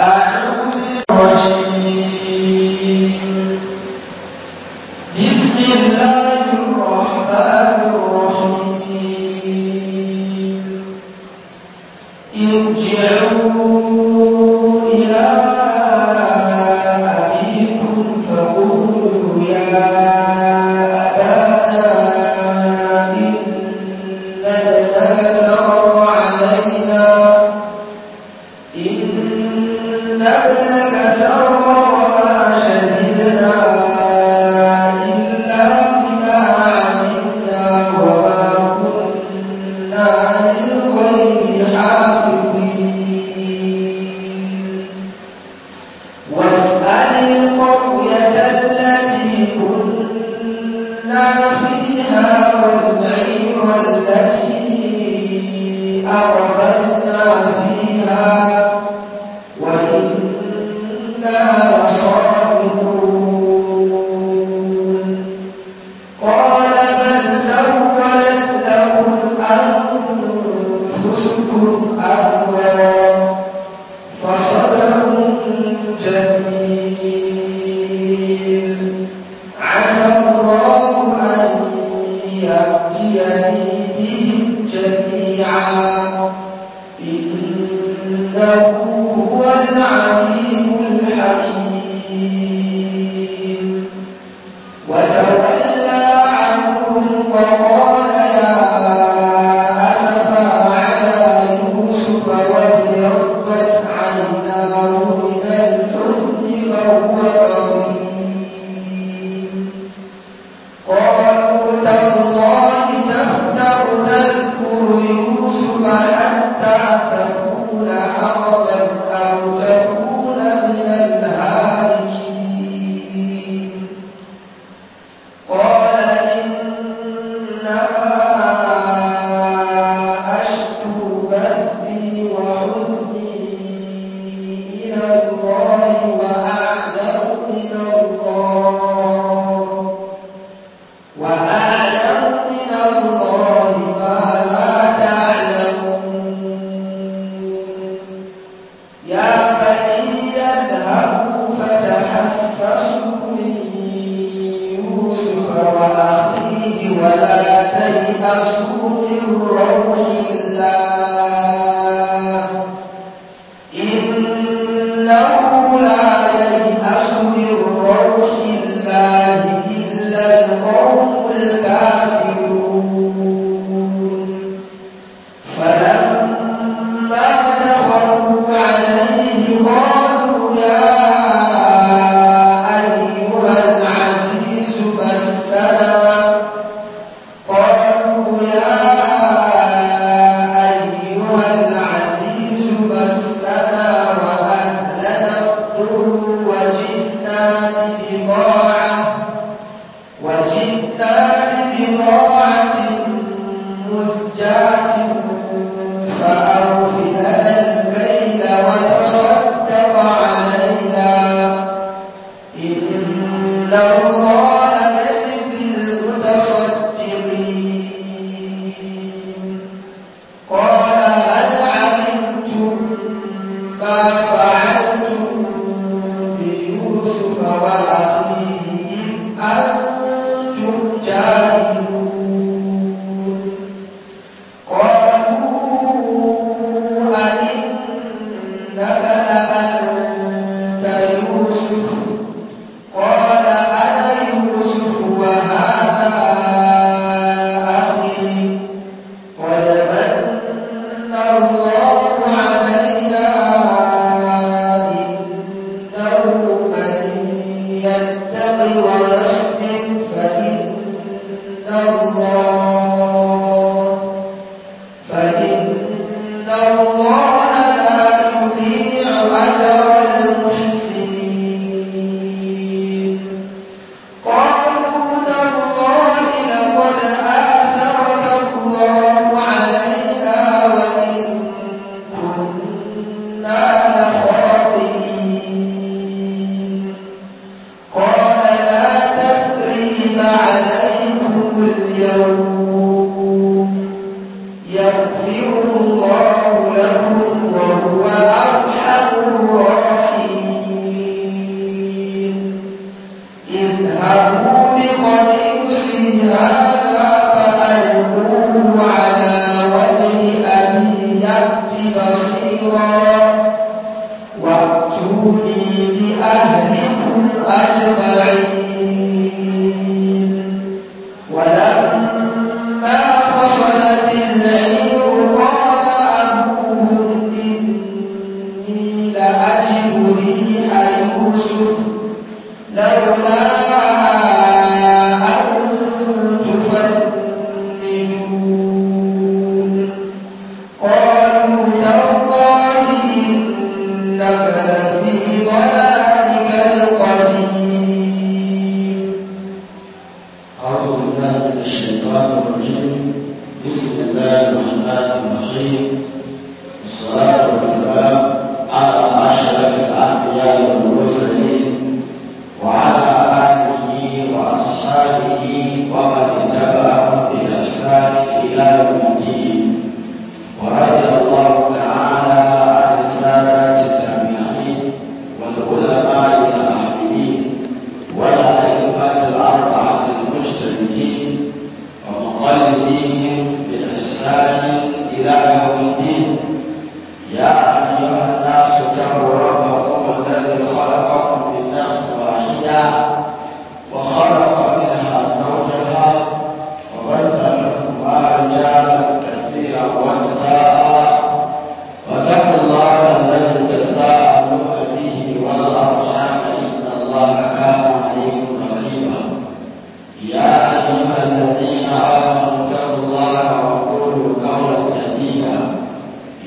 أعلم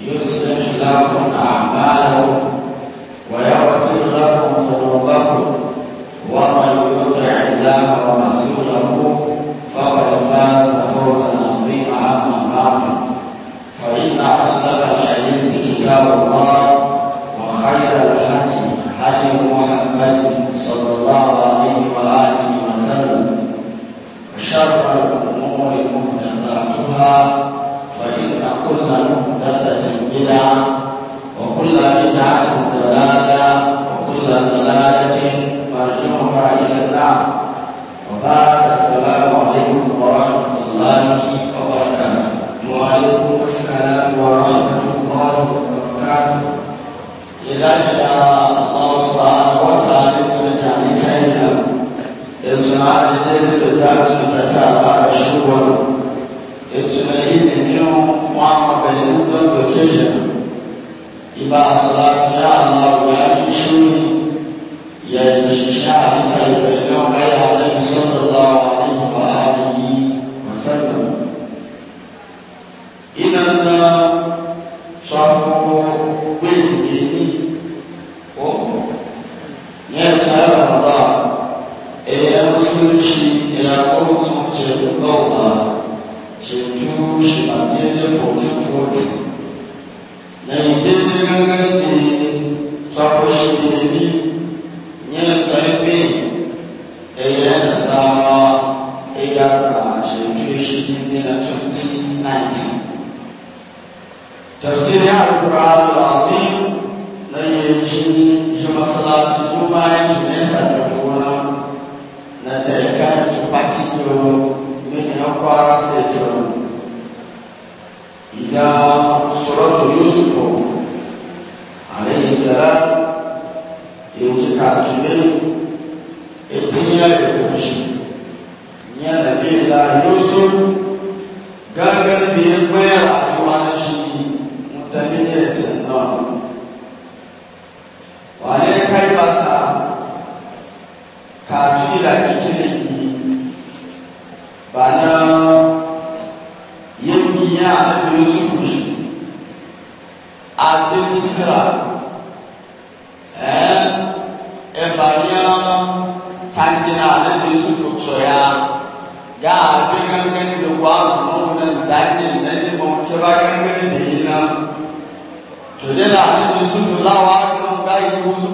يصلح لكم أعمالكم ويغفر لكم ذنوبكم ومن يطع الله ورسوله فقد فاز فوزا عظيما أما بعد فإن أصدق الحديث كتاب الله وخير الحديث حديث محمد صلى الله عليه وسلم 나完了开发厂，卡起来。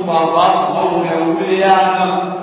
فاصبر يوم القيامه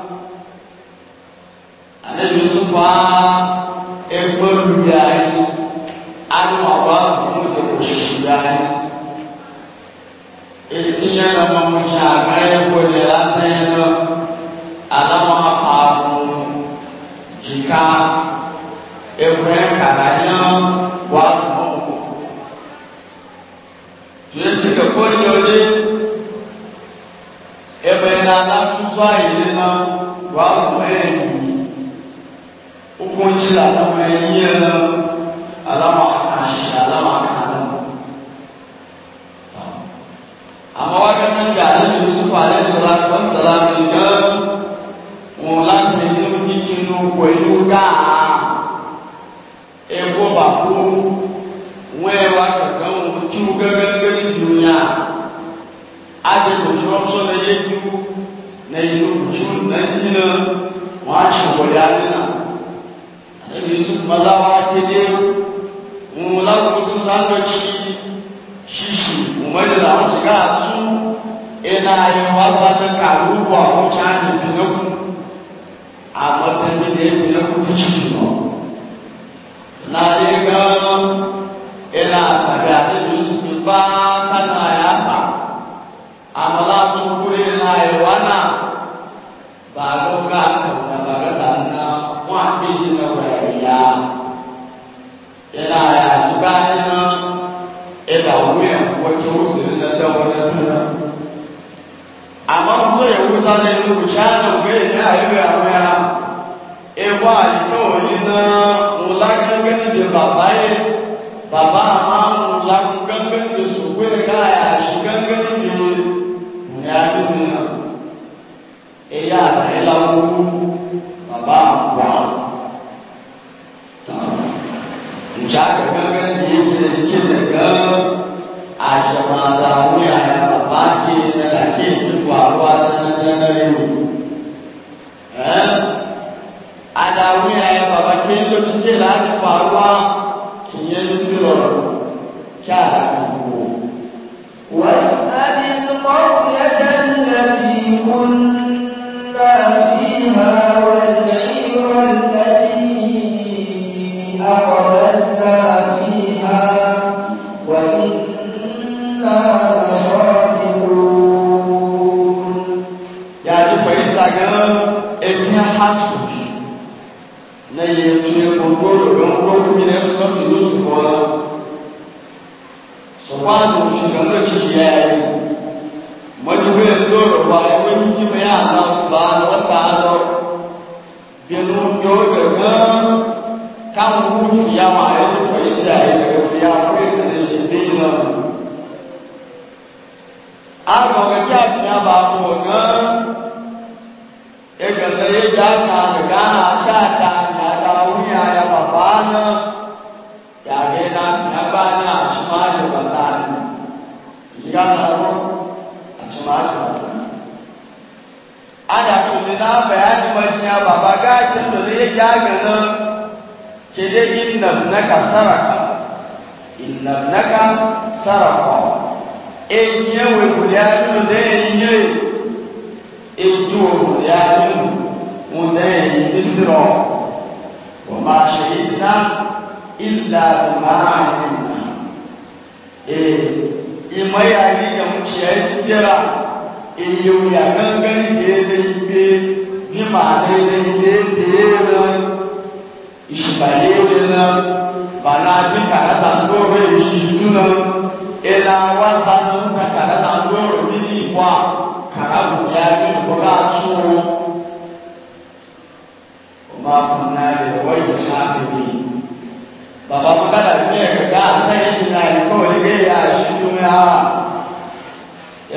ńlá gángan ní bàbá yẹ bàbá àmà ńlá gángan ní sùkú yẹ káyà àṣì gángan ní ní adúlù náà ẹ̀yà àtàyè làwọn bàbá àkùrà ìjà gángan ní yẹ kí ẹ lè gán bakin lokacin da ya ake faruwa kin yi sirar kyara ko wasu alin ƙwarfiyar da nasi kun kwano shigarar ciki ya yi majibin lura ba ya wani yi mai ana su na wata hada binu yau da nan kan ya ma na bayani majiya baba gakin da zai ya gana ke dai inna naka saraka inna naka saraka en yewe mulyanu ne ye eju mulyanu mune misro wa ma shahidna illa bima alimna e imaya ni ya muciya tibira èyí ò yà gángan ìgbéde ìgbé ní màálé ìgbé déèrè ìṣìbàlẹ̀ ìrìnà bàlá bí kàràtà ń lóore ìṣìṣú nà ẹ̀là wá sánú ká kàràtà ń lóore bí ní ìwà kàràbù yá bí ìbọ̀lá tó wọ́. ọmọ akọ̀nà rẹ̀ wọ́n yìí ká bèbè. bàbá mọ́kàlà o ẹ̀ka gáà sẹ́yìn náà ẹ̀kọ́ ìgbéyà ìṣìṣú náà.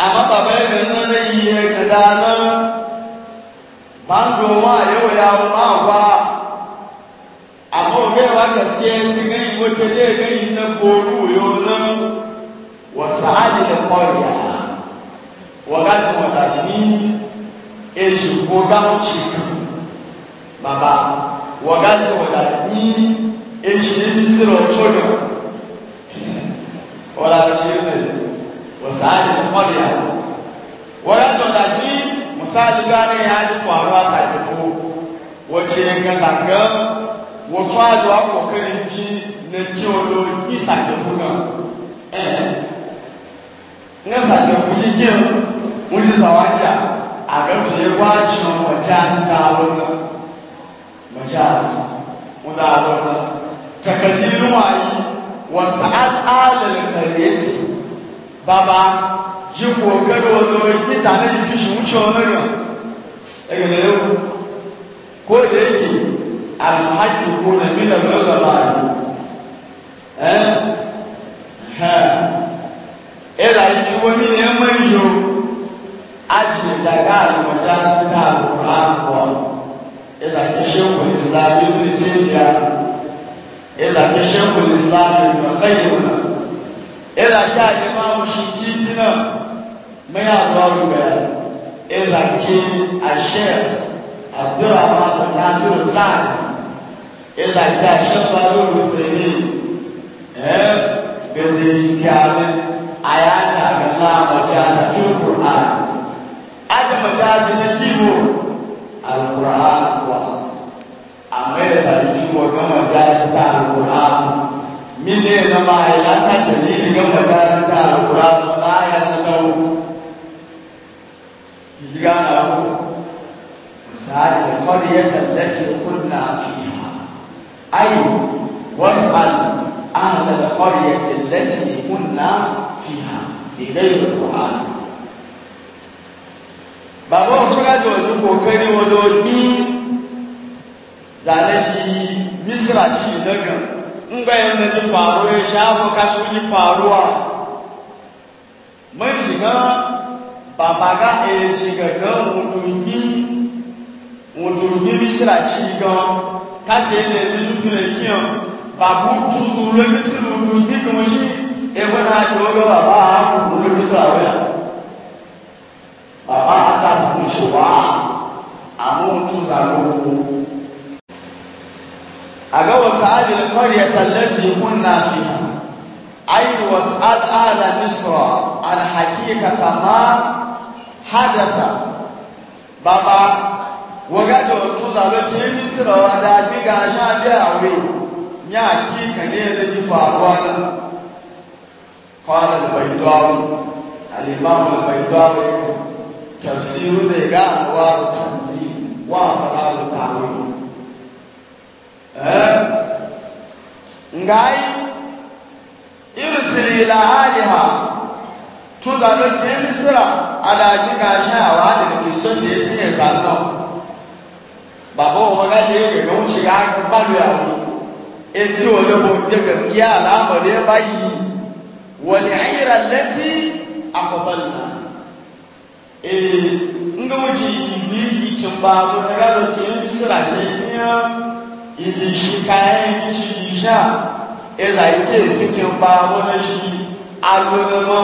amma baba ya ganin na yi ya gada nan bango ma yau ya ma ba amma oge ba ka siya ti gani wata ne gani na koru yau nan wasu hali da kwariya wakati wadanni eji koga muciku baba wakati wadanni eji ne misiri ọjọ́ yau wọ́n lára ṣe é wasali kɔliya wɔyɛ tɔda ni musali gane ya ji kwaro a sake ko wace ga zanga wato a zuwa kokarin ji na kiwolo yi sake funa ɛɛ ne sake fuji kiyan wuli zawaja a ga fiye gwajin majas ta wani majas wanda a wani takaddirin wayi wasu al'adar kariyarsu baba yípo kẹ́lú ọdún níta náà yìí fi ṣùgbọ́n ṣe ọmọ yàn ẹgbẹ̀rẹ̀ yóò kó lè kì alhaji kó lè mí lọ́wọ́ lọ́wọ́ àyè ẹ ẹ ẹ láyé tí wọ́n mi ní ẹ mọ́ yìí o ajiye daga alùpàjá sí ká àlùpàá àkọ́ ẹ láyé ṣé kò ní sáà bí ó ní tẹ́lẹ̀ ya ẹ láyé ṣé kò ní sáà bí ó ní tẹ́lẹ̀ ya ila ki alimamu shinkiti nan mai alwaru bayan ila ki a shef abdurrahman da nasiru sa'ad ila ki a shef faru rusari eh gazeji kyamin a yana ga na majaza fi qur'an ada majazi na kiwo al-qur'an wa amma da shi wa ga majazi ta al-qur'an من لما لا تدليل كما كانت القرآن لا يتلو يجعله مثال القرية التي كنا فيها أي واسأل أهل القرية التي كنا فيها في غير القرآن bàbá òtúngájọ òtún kò kẹ́rí wọn ló ní zàlẹ́sì mísírà jì lọ́gàn in ga yadda ji faruwa ya shafa kashi ji faruwa mun shiga ba ma ga e shiga gan mudungi mudungi misira ci gan kashi ne ni tuna kiyan babu tuzu lo misira mudungi kuma shi e wani ake wani baba a kudu lo misira wani baba a ta samu shi wa a mun tuza lo aga wasa'ad al-qaryat allati kunna fiha ay wasa'ad ala misra al-haqiqata ma hadatha baba wagado tuza lote misra wa da biga sha biya awe nya hakika ne da ji faruwa nan qala al-baydawi al tafsiru da ga wa tanzil wa salat al ngai irsili ila aliha tun da lokacin misira gashi a wani da ke son da ya cinye zanen bàbá wọn bá yẹ gẹgẹ ń ṣe agbálù àwọn etí olóko ń jẹgẹ sí àlámọdé báyìí wọlé ayéra lẹtí àkọbọlá ee ń gbé wọn jì yìí ní ìkìmbà wọn ká ló ti ń síra ìdìṣìkàrẹ́ ìdìṣìkìṣà ẹ̀là ìké ìfìkì ń pa wọ́n ṣe agbẹ́mọ́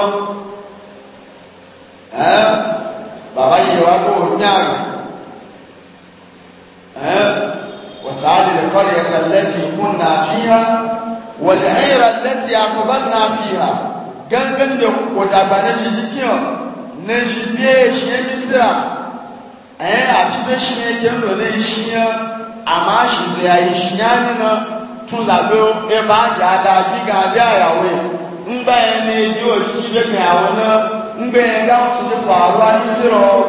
bàbá yìí wá kó nyàrá wọ́sàálì lẹ́kọ́rẹ́ ẹ̀ka lẹ́tì ìkún náà fi hà wọ́lẹ̀ ẹ̀yẹ̀rẹ̀ lẹ́tì àkọ́bá náà fi hà gángan da kòdàgbà náà ṣe jíkìọ́ náà ṣe bí ẹ̀ ṣe é mísírà ẹ̀ àti bẹ́ẹ̀ ṣe é jẹ́ lọ́lẹ́ ṣe é àmọ́ àṣìlẹ̀ àìṣìyá nínú tún làbẹ́ ẹbá àṣà adájí kan abẹ́ àyàwó ńgbà yẹn ní èyí òṣìṣẹ́ lẹ́gbẹ̀ẹ́ àwọn náà ńgbà yẹn dáhùn ti ti pọ̀ àwọn anísírọ̀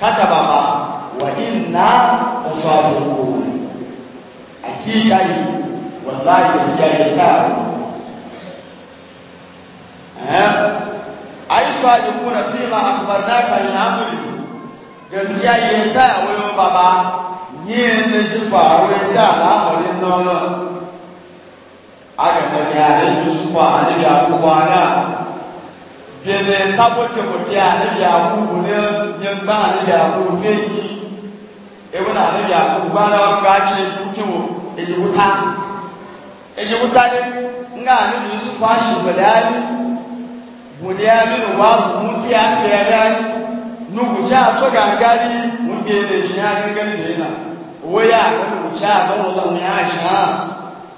kátàbàbà wà ní nà ọ̀sọ̀ àbòkò àkíyíká yìí wà láàyè sí àyíká àwọn. Aisha alikuna fima akhbarnaka min amri gaskiya yayin da wayo baba ihe ní jípa àwọn ẹjẹ àlámọ̀lé náà agbẹ̀tọ̀ ní ààrẹ yusufa anyị nye anyị na àdébí àkókò bá náà fẹ́ àti kúkìwò èyíwúta èyíwúta ní nga àdébí yusufa àṣìbẹ̀lẹ̀ àní bùnìyà nínú wàá ya kí á fẹ́ ẹ̀rẹ́ àní wóyà àtẹnudùṣà àtẹnudùṣà ní àṣà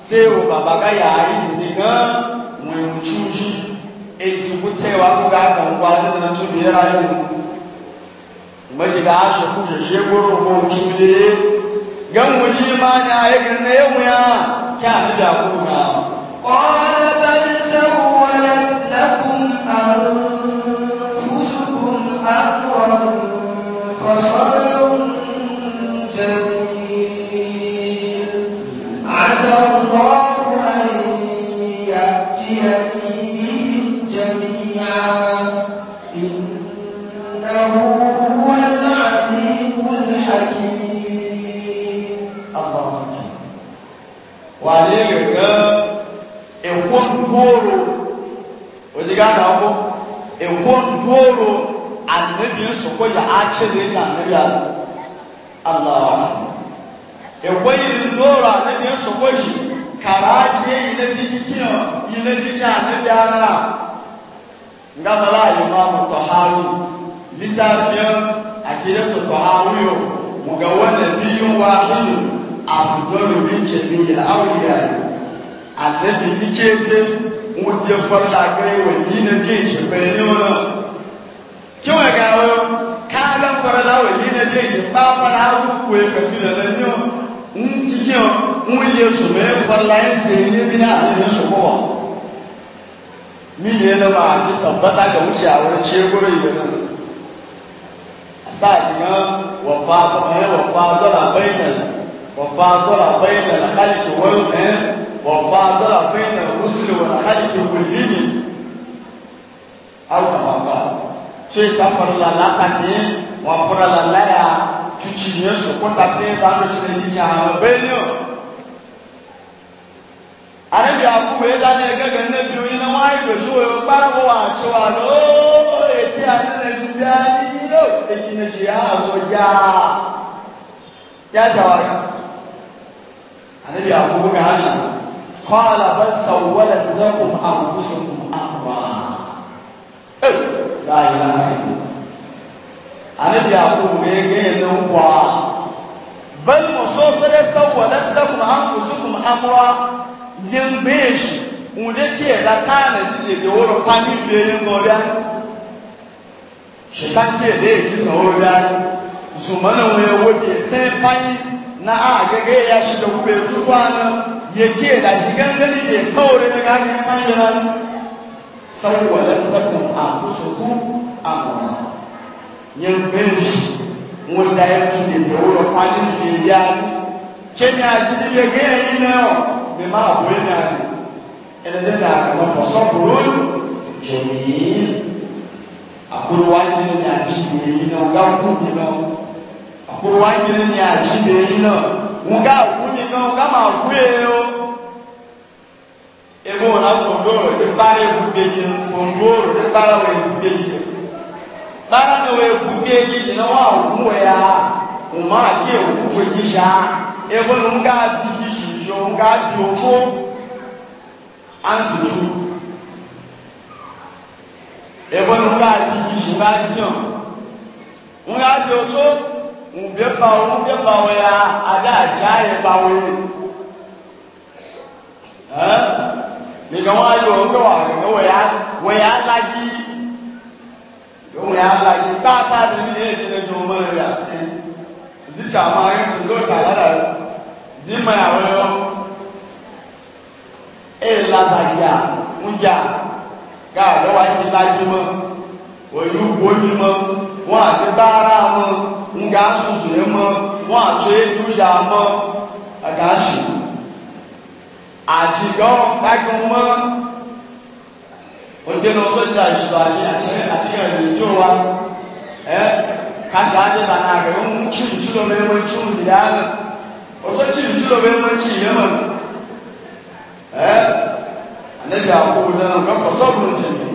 ṣé o bàbá káyà àìsí gan wọn ò túnjú èyí kò tẹ wá kó ká kàn wá nínú tó bí ra yìí mọ̀jì ká aṣọ kó ṣẹṣẹ gbóró kó o lé gan wọ́n jí máa ní ayé kan náà ewu kí àtúndà kó náà. agbamaki wale gẹgẹ ẹkọ nduoro odiga na ọkọ ẹkọ nduoro anabi nsọkọ yà akyere ẹka anabi ala alawa ẹkọ yìí nduoro anabi nsọkọ yìí karaakye yìí n'ebi kyikyi nọ yìí n'ebi kyikyi anabi ala nga mala ayi mu amutɔ ha lu litafiɛ akyerɛ tɔtɔ ha lu yio mu ga afudɔlu bi jɛbi yɛlɛ awo yɛ anabi bi kente ŋun jɛ fɔlɔ akɛrɛ wɔ yina kente bɛyɛ ne wɔn kí wọn gà wọ káàdà fɔlɔ la wɔ yina kente báwa la awo koe kàfi na lɛ ne wɔn ŋun ti yɛ wɔn ŋun yɛ sɔmɛ fɔlɔ la yɛ sɛ ne bi na ale ne sɔgbɔ wɔ mi yɛ ne ma ti sɔn bata ka wusi awo tiɛ koro yɛ na a saa yi ŋa wɔ fa wɔ fa dɔ la bɛyi na. وفاضل بين الخلق والأن وفاضل بين الرسل والخلق والدين أو كما قال شيء كفر لا تني وفر لا لا تشيني سكون تاتين تانو تشيني جاهل بينو àrẹ́bí àkúwé dání ẹgẹ́gẹ́ níbi oyin náà wọ́n á ìgbèjú òyò párọ̀ àti wà lóòó èdè àdínẹ́sì bí a ní ilé annabi yakubu ga hashi qala bal sawwalat lakum anfusukum amra la ilaha illallah annabi yakubu ga ga nan kwa bal musawwalat sawwalat lakum anfusukum amra yin beshi unde ke da kana ji da woro pani fere ngoda shekan ke da ji saworo da zumana wo ye wo ke te pani na a gage ya shi da kube tuwa na yake da shi gangani ne kawai na gani manyan sauwalar sakon a kusurku a kuma yin shi wanda ya ci ne da wurin kwanin jiriya kenya shi ne gaya yi na yau mai ma abu yana ne ina da da kamar fasakurun jami'in akwai wani ne da shi ne yi na gawo kuma kò wá nyere ní àjíbe yìí náà wọn ká òkú mi náà wọn ká máa kú yẹ o ebo wọn náà kòndó rẹ ti bára ewu gbèjì kòndó rẹ ti bára wọn ewu gbèjì bára ní wọn ewu gbèjì yìí náà wọn àwọn òkú ya wọn máa kí ewu gbèjì sá ebo ní wọn ká bí yìí yìí wọn ká bí òkú à ń sèso wọn ká bí yìí yìí bá yàn wọn ká bí òkú ŋubɛ bawo ŋubɛ bawo ya ada adza yɛ bawo ɛ nika wɔn ayɔ ŋubɛ wa ŋubɛ wɔ ya wɔ ya la yi wɔ ya la yi kpakpa de ni yɛ ti ne tso mɛ ya zi tsa ma yɛ tu do tsa la da zi ma ya wɔ yɔ eye la ba ya ŋudza gaa lɛ wa yi la yi mɛ wɔ yi wo yi mɛ wọn àti báárà mọ́ nga sùtùrẹ́ mọ́ wọn àti dúdà mọ́ àgáṣì àjìgọ́ dákun mọ́ òjẹ́nu sọ́jà ìṣòro àti àti àti ẹ̀rù tí o wa ẹ́ kásì àti bàtà rẹ̀ ń kí ìjúlọ mẹ́mọ́ tí ó nìyá rẹ̀ ọ̀tọ́ kí ìjúlọ mẹ́mọ́ tí ìyẹn mọ̀ ẹ́ àlejò àkókò náà ń kọ́ sọ́ọ̀bù nìyẹn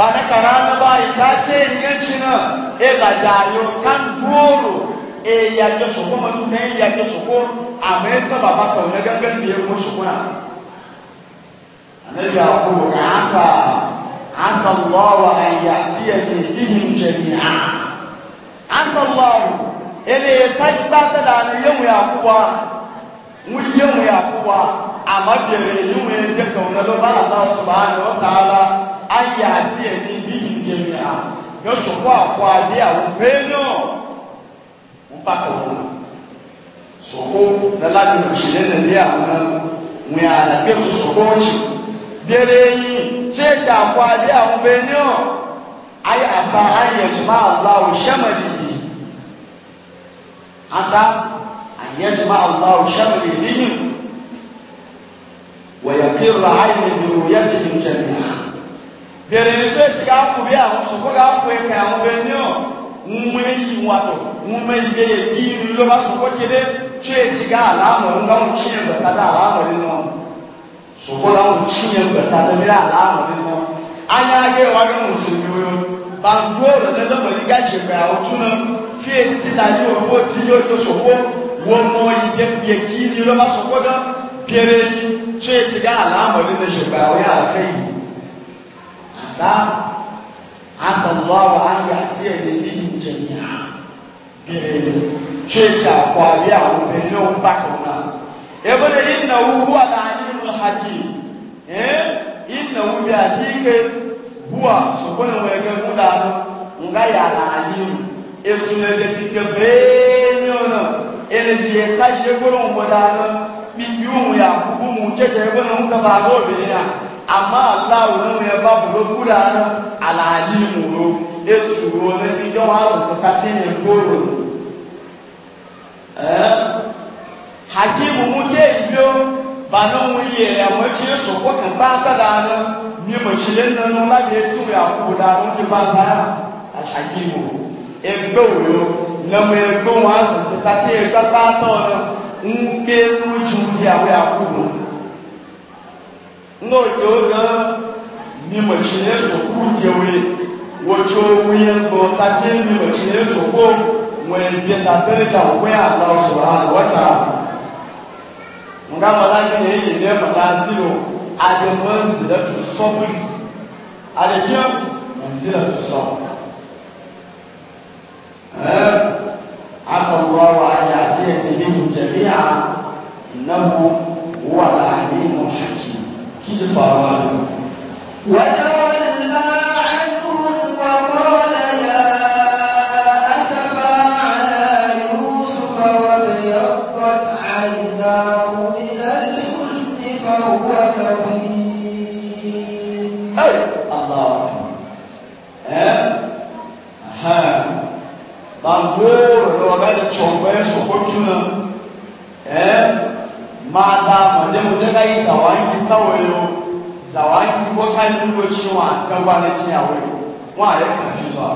ba na karama ba ita e ce yanci na e la jayo kan doro e ya ke su kuma tu ne ya ke su ko a me ta ba ba ka na gangan biye mu su kuna annabi ya ku ga asa asa Allah wa an ya'tiyani bihim jami'a asa Allah ele ta ba ta da ne yemu ya kuwa mu yemu ya kuwa amma da ne yemu ya ka na ba Allah subhanahu wa ta'ala ayé àti ẹni bí ìjẹun à yóò sọ̀kọ́ àpò adé àwọn bẹ́ẹ̀ náà wọ́n bá kọ̀ wọ́n sọ̀kọ́ lálàdì òṣèlè nílé àwọn wọn àdàgbé tó sọ̀kọ́ ọ̀chì bẹ́ẹ̀rẹ̀ yìí ṣéèṣì àpò adé àwọn bẹ́ẹ̀ náà ayé àfa ayé ẹ̀jùmọ́ àlá òṣèmọ̀lì yìí àṣà ayé ẹ̀jùmọ́ àlá òṣèmọ̀lì yìí wọ̀yẹ̀kí rà ayé ìròyìn ẹ̀sìn ìjẹun bẹ̀rẹ̀ ní tó ti ká kú bí àwọn sọ̀kọ́ ká kú ẹ̀ka àwọn bẹ̀rẹ̀ ní ọ̀ ń mú èyí wàtò ń mú èyí bẹ̀rẹ̀ bí inú ló bá sọ̀kọ́ kéde tó ti ká àlámọ̀ ń bá wọn kí ẹ̀ bẹ̀ta dá àlámọ̀ nínú ọ̀ sọ̀kọ́ láwọn kí ẹ̀ bẹ̀ta dá bí àlámọ̀ nínú ọ̀ ányá ayé wa ní mùsùlùmí wọn bàǹdó lọ́dẹ lọ́mọdé ká ṣe pé àwọn tún náà fi ètí ta ní òwò tí yóò tó sọ̀kọ́ wọn mọ ìdẹ bìẹ kí inú ló sọ̀kọ́ dá bẹ̀rẹ̀ ní tó ti ká àlámọ̀ nínú ṣe àwọn yà fẹ́ yìí ta asallahu an yati alayhi jami'a bihi checha kwa bia upendo mpaka una ebele inna huwa alimul hakim eh inna huwa hakika huwa sokona wege mudano ngaya alimu esunele pike benyono elejiye kashe goro mudano biyu ya kuku mu checha ebono mukaba gobe ya amma Allah wurin ya ba mu lokuda na alalimu ro e tsuro na bi don haru ko ka ce ne goro eh hakimu muke biyo ba nan wuye ya mace so ko ka ba ta da na ni mace den nan na ne tu ya ku da mun ki ba ta al hakimu e goro na mu e goro haru ko ka ce ba ta na n gbé lójú ti àwọn àkùrọ̀ no yoga ni machine soku jewe wocho wiye bo tache ni machine soku mwen bie ta tere ta we ala subhanahu wa ta'ala nga malaki ne yi ne malaziro ade manzila tu sabri ade kia manzila tu sabri eh asa Allah wa ayati minhu jami'a innahu huwa al-alim al-hakim She's a father. ba ne kí àwọn yìí wọn àyẹ kàn sí sọ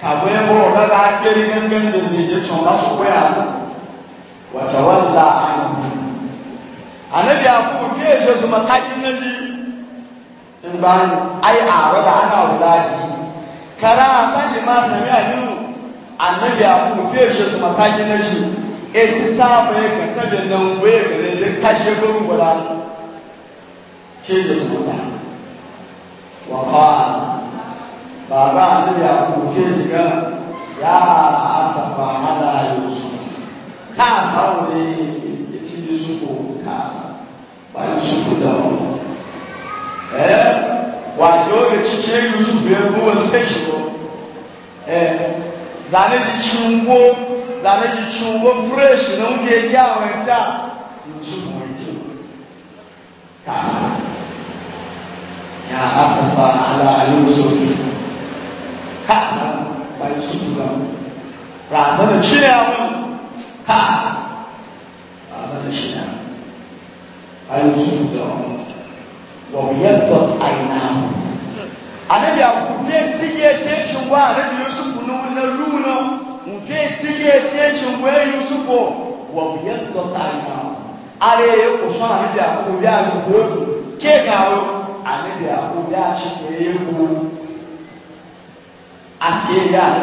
kàbọ ẹ bọ ọdọ la gbẹrí gẹgẹ ndé ní ìdí tí wọn bá sọ pé àná wàtà wọn la àná anabi àfọwọ́ kí ẹ ṣe sọmọ kájí náà yìí ngban ayé àárọ la àná ọdọ àjí kàrà àtàjì máa sẹmí àyínú anabi àfọwọ́ kí ẹ ṣe sọmọ kájí náà yìí ètí sáàmù yẹ kẹtẹ bẹ nà ń wé ẹ kẹlẹ ẹ kájí ẹ gbẹrú wọlá kí ẹ yẹ fún wa. وقال بابا عندي أبو كيف يا أسف على يوسف كاسا ولي يتي يوسف كاسا ويوسف له إيه وأجوز تشي يوسف يبغى سكشلو إيه zane ti tsungo zane ti tsungo fresh na ŋun ti yẹ di àwọn ẹja yóò tún wọn ti kásá ya asafa ala alwusufi ka asafa ba yusufu ba raza da shiryawa ka raza da shiryawa alwusufu da wa wuyattar aina anabi akufe tiye tekin wa anabi yusufu na wunan luna nfe tiye tekin wa yusufu wa wuyattar aina are ya kusa anabi a ya kuwa ke kawo anabi ahụ bi asi bi a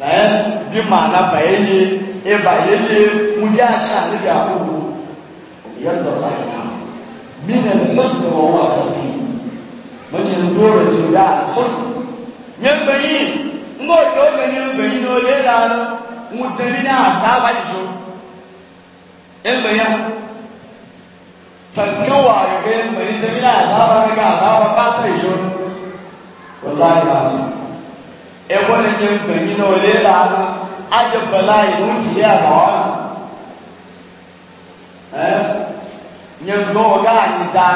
ɛɛ bi ma anaba ɛyɛ ɛba ɛyɛ mu yɛ ahyɛ anabi akɔ kuro yɛ dɔba yɛ ha mi na ne fɔsi wɔ wɔ akɔfi mo ti ne duro ti da fɔsi nye mpanyin la na so tankawa ga gayan mai zamina azaba daga azaba fata yi yau wallahi ba su e wani yin bani na wale da ajin bala'i wuce ya ba wani yin goga yi da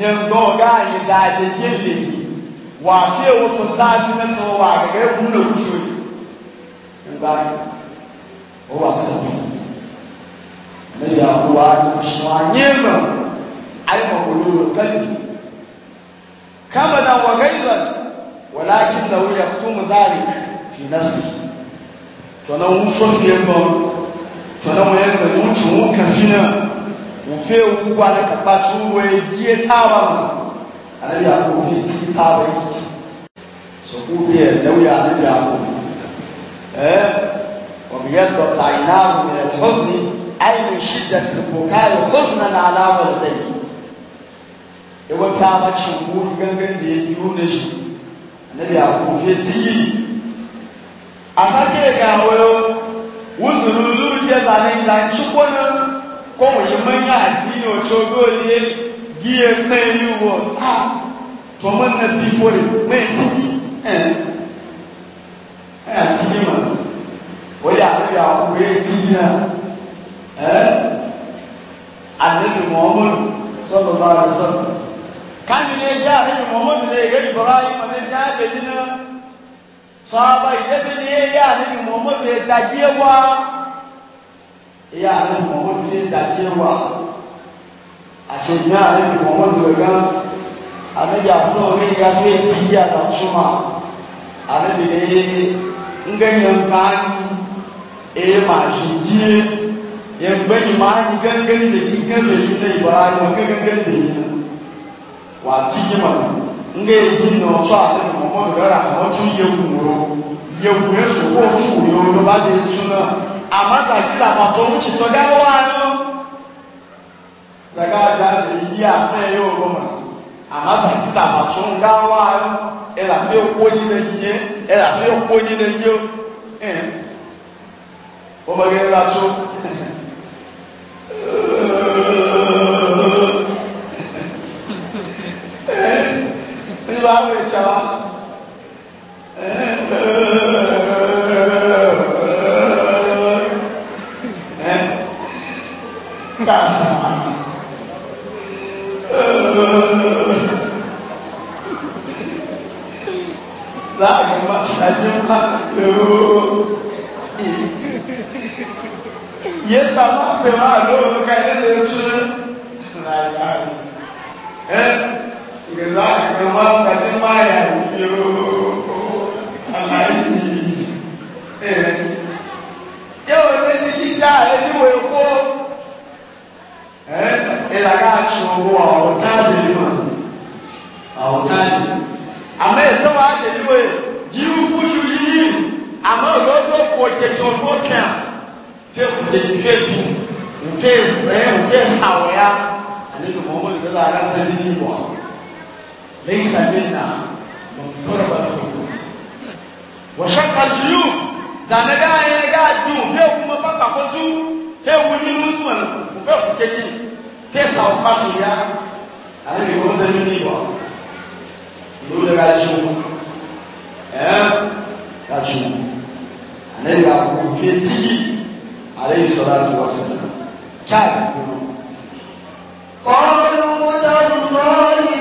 yin goga yi da da yin lili wa fiye wato zafi na towa ga na yahuwa shanye ma ai makulul kalbi kama na wa gaizan walakin lahu yaktumu dhalik fi nafsi to na un so fiye ba to na wayan da mun ci mun na kaba su waye giye tawa annabi ya ko fi ci tawa yi so ku biye dauya annabi ya ko eh wa biyadda ta'inahu min ai min shiddatil bukai huznan ala walidayhi e wata mace ko gangan da ya nuna shi annabi ya kofe tiyi a sake ga wayo wuzuru na je zanen da ci kwanan ko wani manya addini o cogo ne giye mai yi wo ha to man na bifore mai tiyi eh eh tiyi ma wani annabi ya kofe tiyi na annabi muhammadu sallallahu alaihi wasallam kan ne ya annabi muhammadu ne ya ibrahim ne ya bedina sahaba idabi ne ya annabi ne ya annabi muhammadu ne dajewa a ce ya annabi muhammadu ga annabi aso ne ya ne ti ya da annabi ne kan e ma shi jiye yan gbani ma ni gangan da yi gangan da sai ba ma gangan da yi wa ci ma nge yi no ba da mo mo da ra mo ci ye wuro ye wuro su ko su yo do ba de suna amma ta ki ta ma to ci so da wa no daga da da yi a ne yo go ma amma ta ki ta ma so wa no e la fe ko ni de ye e la fe ko ni de yo eh o ba ge la so awecha kasa láàrin wa ṣáájú ńlá lóòó yéésà má ṣe wá lóòó ká ilé lè tún láìláì máyà yóò aláìní ẹ̀ yóò fi ti jíjà ẹ̀dínwó epo ẹ̀ ìlànà àtúnwò àwọn táàdì mà àwọn táàdì àmọ́ ètò wa àtẹ̀dínwó yìí fújú yìí àmọ́ lọ́dọ̀ kò jẹjọ lókè à fẹ́ẹ̀kù jẹjọ fẹ́ẹ̀kù nfẹ́ẹ̀sẹ̀ nfẹ́ẹ̀sàwọ̀ ya àlejò mọ́mọ́ ìgbẹ́lá aláǹtẹ̀ nínú ìwà. ليس منا من طلب الخروج وشق الجيوب زانغا ينغا جو في كما بقى فجو في ونينو سمن وفي كتي في ساو فاشيا أنا يقول ده مني بقى يقول ده قال شو ها قال شو أنا يقول في تيجي عليه الصلاة والسلام كان يقول قالوا تالله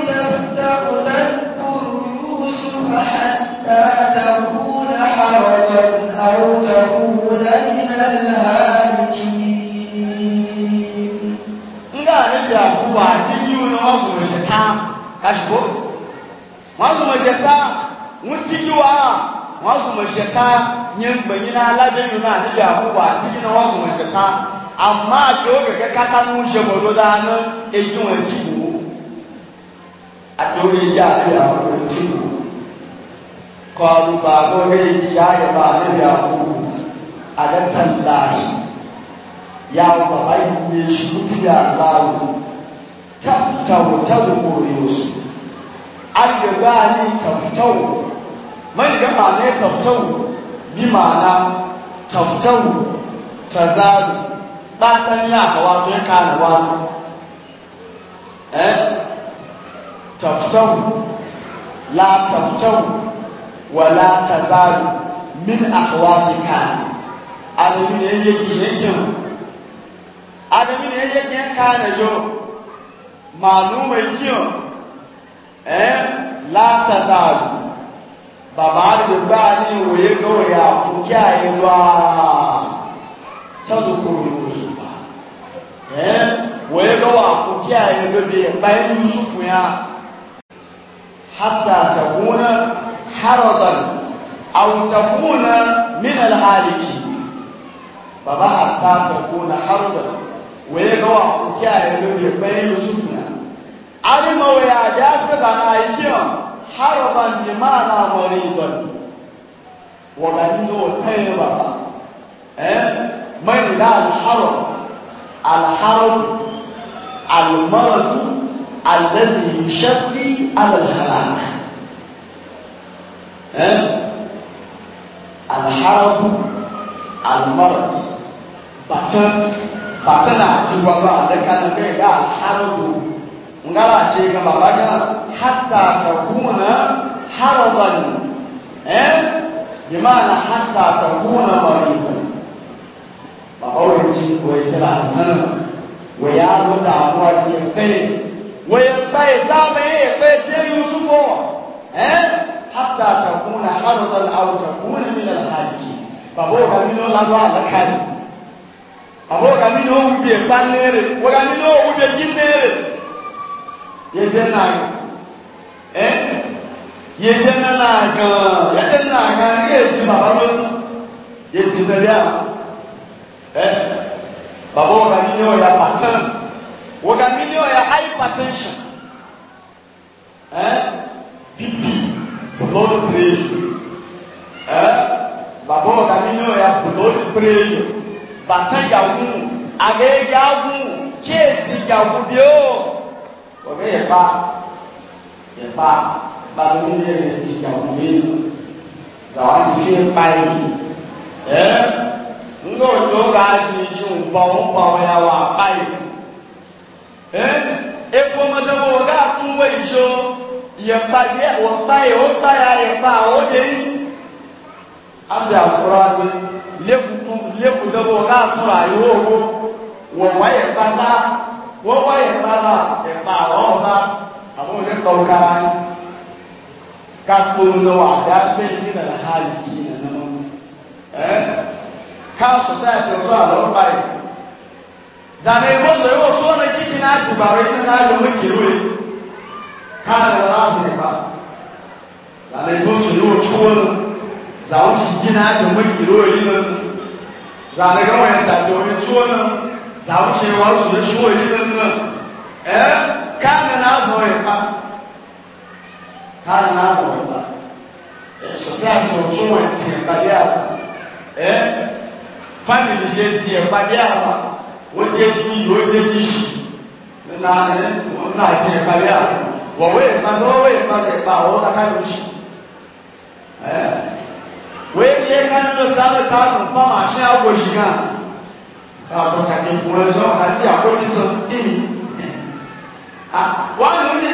kashiko wọn zuma jẹta wọn ti yi wa wọn zuma jẹta nye mgbanyi na alade yi na anibi akwụkwọ ati yi na wọn zuma jẹta amma ake oge kaka na wọn ṣe bọdo daa na eyi wọn ti wo àtòrí ìyá àti àwọn òtí kọ àlùbà lórí ìyá ìyàbá àlébí àwọn àdẹ́tàláì ya bàbá yìí ṣùgbọ́n tí yà láàrú tàbítàwò tàbí orí oṣù agbègbè àní tàbítàwò mẹ́rin màánà tàbítàwò bí màánà tàbítàwò tàzáàlù látàrí àwọn àtúnkà àwọn ẹ́ tabtahu la tabtahu wa la tazalu min akhwatika adami ne yake yake adami ne yake kana jo maluma yake eh la tazalu baba da ba ni oye kawai a kuke a yi ba ta zukuru su ba eh oye kawai a kuke a yi ba bayan yusufu ya hatta takuna haradan aw takuna min alhaliki baba hatta takuna haradan waye ga wa ku kiyaye ne ya bayin yusuf na alima waya da ta bana yikiyo haradan bi ma'ana maridan wa ganin tayyiba eh man da alharab alharab almarad الذي يشفي على الحراك أه؟ الحرب المرض بطن بطن عجوابا لكان بيدا الحرب ngala ce ga babaka hatta ta kuna haraban eh bi ma'ana hatta ta kuna maridan ba aure ci ko ya kira sanan wa ya da damuwa ke kai ويبقى يزعم ايه يبقى يتيري حتى تكون حرضا او تكون من الحاجين بابو كامينو لانو على الحاج بابو كامينو وبي بانير وكامينو وبي جينير يجينا ها يجينا لاكا يجينا لاكا يجي بابو يجي سريع ها بابو كامينو يا باتن yɛ hypertension ɛɛ eh? bp blood pressure ɛɛ eh? labɔrɔ ka mi n'o yɛ blood pressure bata yahu age yahu keesi yahu bi o o bɛ yɛ pa yɛ pa bata mi yɛ yahu bi zawa ti fi pa yi ɛɛ eh? n'o yoo ka ti yi o bɔn o bɔn ya pa yi epo mọdọwọ ọgá àtúwọ ìjọ yẹpa yẹ ọpa yẹ ọpa yà yẹpa àwọn ọdẹ yìí abẹ àkùrọ abẹ lẹkùtù lẹkùtọwọ ọgá àtúwọ àyẹwò owó wọn wá yẹpa náà wọn wá yẹpa náà yẹpa àwọn ọba àwọn ọdẹ kọ ọgá yìí kakpo lọwọ àdá bẹẹ ní nàlá ha yìí nàlá wọn ẹ ká sọsáyà tó tó àlọ ọba yìí zane bo so yo so na kiki na tu ba we na yo me kiru e. ka na ra so ba zane bo so yo chuo na za o shi ki na yo me kiru e yi na zane ga wa ta to ni na za o shi wa so yo chuo e yi na eh ka na na so e ka na na so e pa a to chuo e ti e pa dia eh family je ti e pa dia wọ́n jẹ́ kí yóò jẹ́ kí nínú àná wọn náà jẹ́ ẹ̀ka bí àná wọ́n wọ́n ẹ̀ka tó wọ́n ẹ̀ka tó ẹ̀ka àwọn ọ̀tá yóò jì ẹ̀ wọ́n yẹ ká nínú sáré kánú pa màṣẹ́ àwọ̀ yìí náà káàbọ̀ sàkè fún ẹ sọ àti àkọ́nisọ nìyí wọ́n á lóní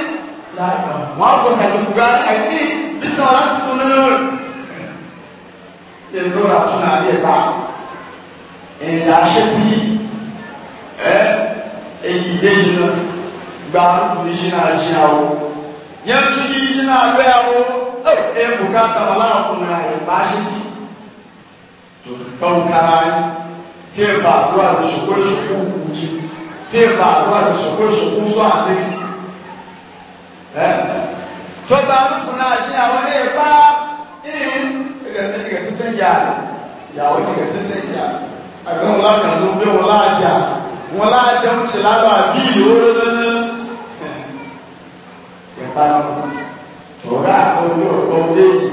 wọ́n á bọ̀ sàkè fún ẹ ẹ̀kí bí sọ láti fún nínú rẹ̀ ẹ̀ lọ́ra fún ɛ eyi de yina gba ni yina ahyia wo yɛn tu yi yina awia wo ɛ ebu kata wala akuna yɛ baasi ti to kpawu kaa fie baako a sukuu sukuu kuyi fie baako a sukuu sukuu nso ase ɛ tó baako kuna ahyia wo ɛ ba ɛ ɛ ɛ ɛ tete gya yàwó ɛ ɛ tete gya agbẹ̀wò lájà ló gbẹ̀wò lájà wọn láàjọ ń ṣe lábà bí ìlú lọ́nà ìpanu ọ̀gá àkọ́bí ọ̀pọ̀ ọdẹ yìí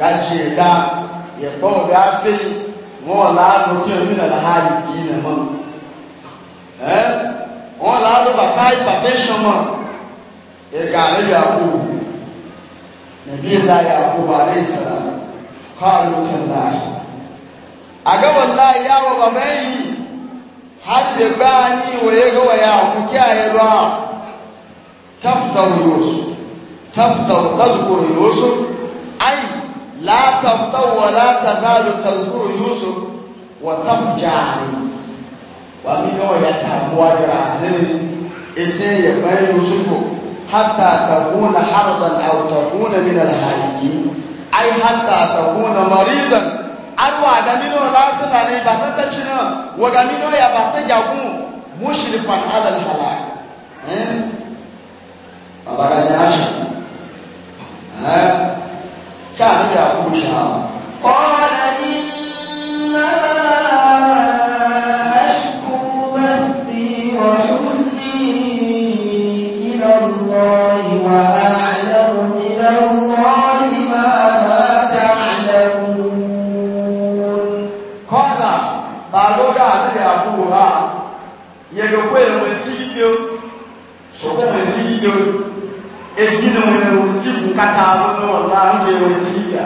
gàjì ẹ̀dá ìpọ̀ ọ̀gá afẹ́ yìí wọn láàánú kí omi nàlá ha yìí kì í nà mọ́ wọn láàánú bàtà hypertension mọ́ ẹ̀gà àlẹ́ yàgò nàbí ẹ̀dá yàgò àlẹ́ ìsàlá kọ́ àlọ́ tẹ̀lá àgẹ́wọ̀n láì yàwọ̀ bàbá yìí. حدباني باني ويجا ويعطيك يا دعاء تفطر يوسف تفطر تذكر يوسف اي لا تفطر ولا تزال تذكر يوسف وتفجع ومن هو يتعبوا يعزلني اتي يا يوسف حتى تكون حرضا او تكون من الهالكين اي حتى تكون مريضا arwa da nino lafiya ne ba ta taci na waga nino ya ba ta jagun mushrifan alal halak eh? babaga eh? ya shi kya ni da kusha qala inna do egi na wɔn ɛwɔ ti bu kata alo na wɔn la ŋu ɛwɔ ti ya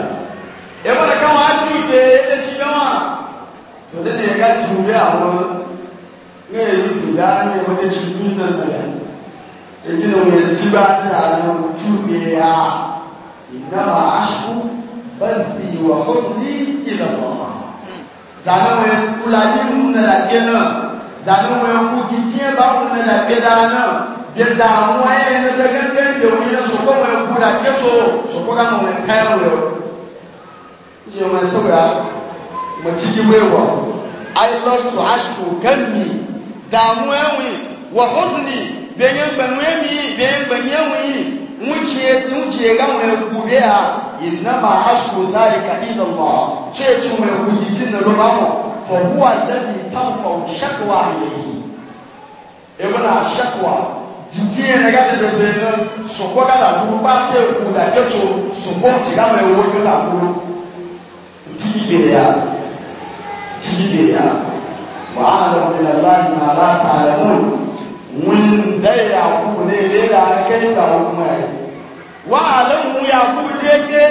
ɛwɔ ɖeka wɔn ati de etsi yɛ wɔn a tɔde na ɛga tu bi awɔ ne yɛ yi tu ya ne yɛ wɔn etsi bi na na ya egi na wɔn eti ba ne alo wɔn tu bi ya ìnáwó aṣọ bẹ́ẹ̀ni ìwà kó sí ìlànà zanu wɛ kula yi mu na la gbɛ na zanu wɛ kuki tiɲɛ ba mu na da lost to ashku ganni damuwa wi wa huzni bayan banu yami bayan banu yami muciye muciye ga mu ya kube a inna ma ashku zalika ila Allah ce ci mu ya kuji na rubamu fa huwa alladhi tanfa shakwa ilayhi shakwa jìtì yẹn nàgà tètè tè nà sọ̀kọ́ kà làkúrú pàtẹ́ òkú làkẹ́tò sọ̀kọ́ tìlà mọ̀ ẹ̀wọ̀ kà làkúrú tìbí bèrè à tìbí bèrè à wà á lọ bí la bá yìí nàlá tà lẹ mọ̀ wọn dẹ́yẹ àkúrú ní ilé la kẹ́yìn kà wọ́n mọ̀ ẹ̀ wà á lọ mú yà kúrú déédéé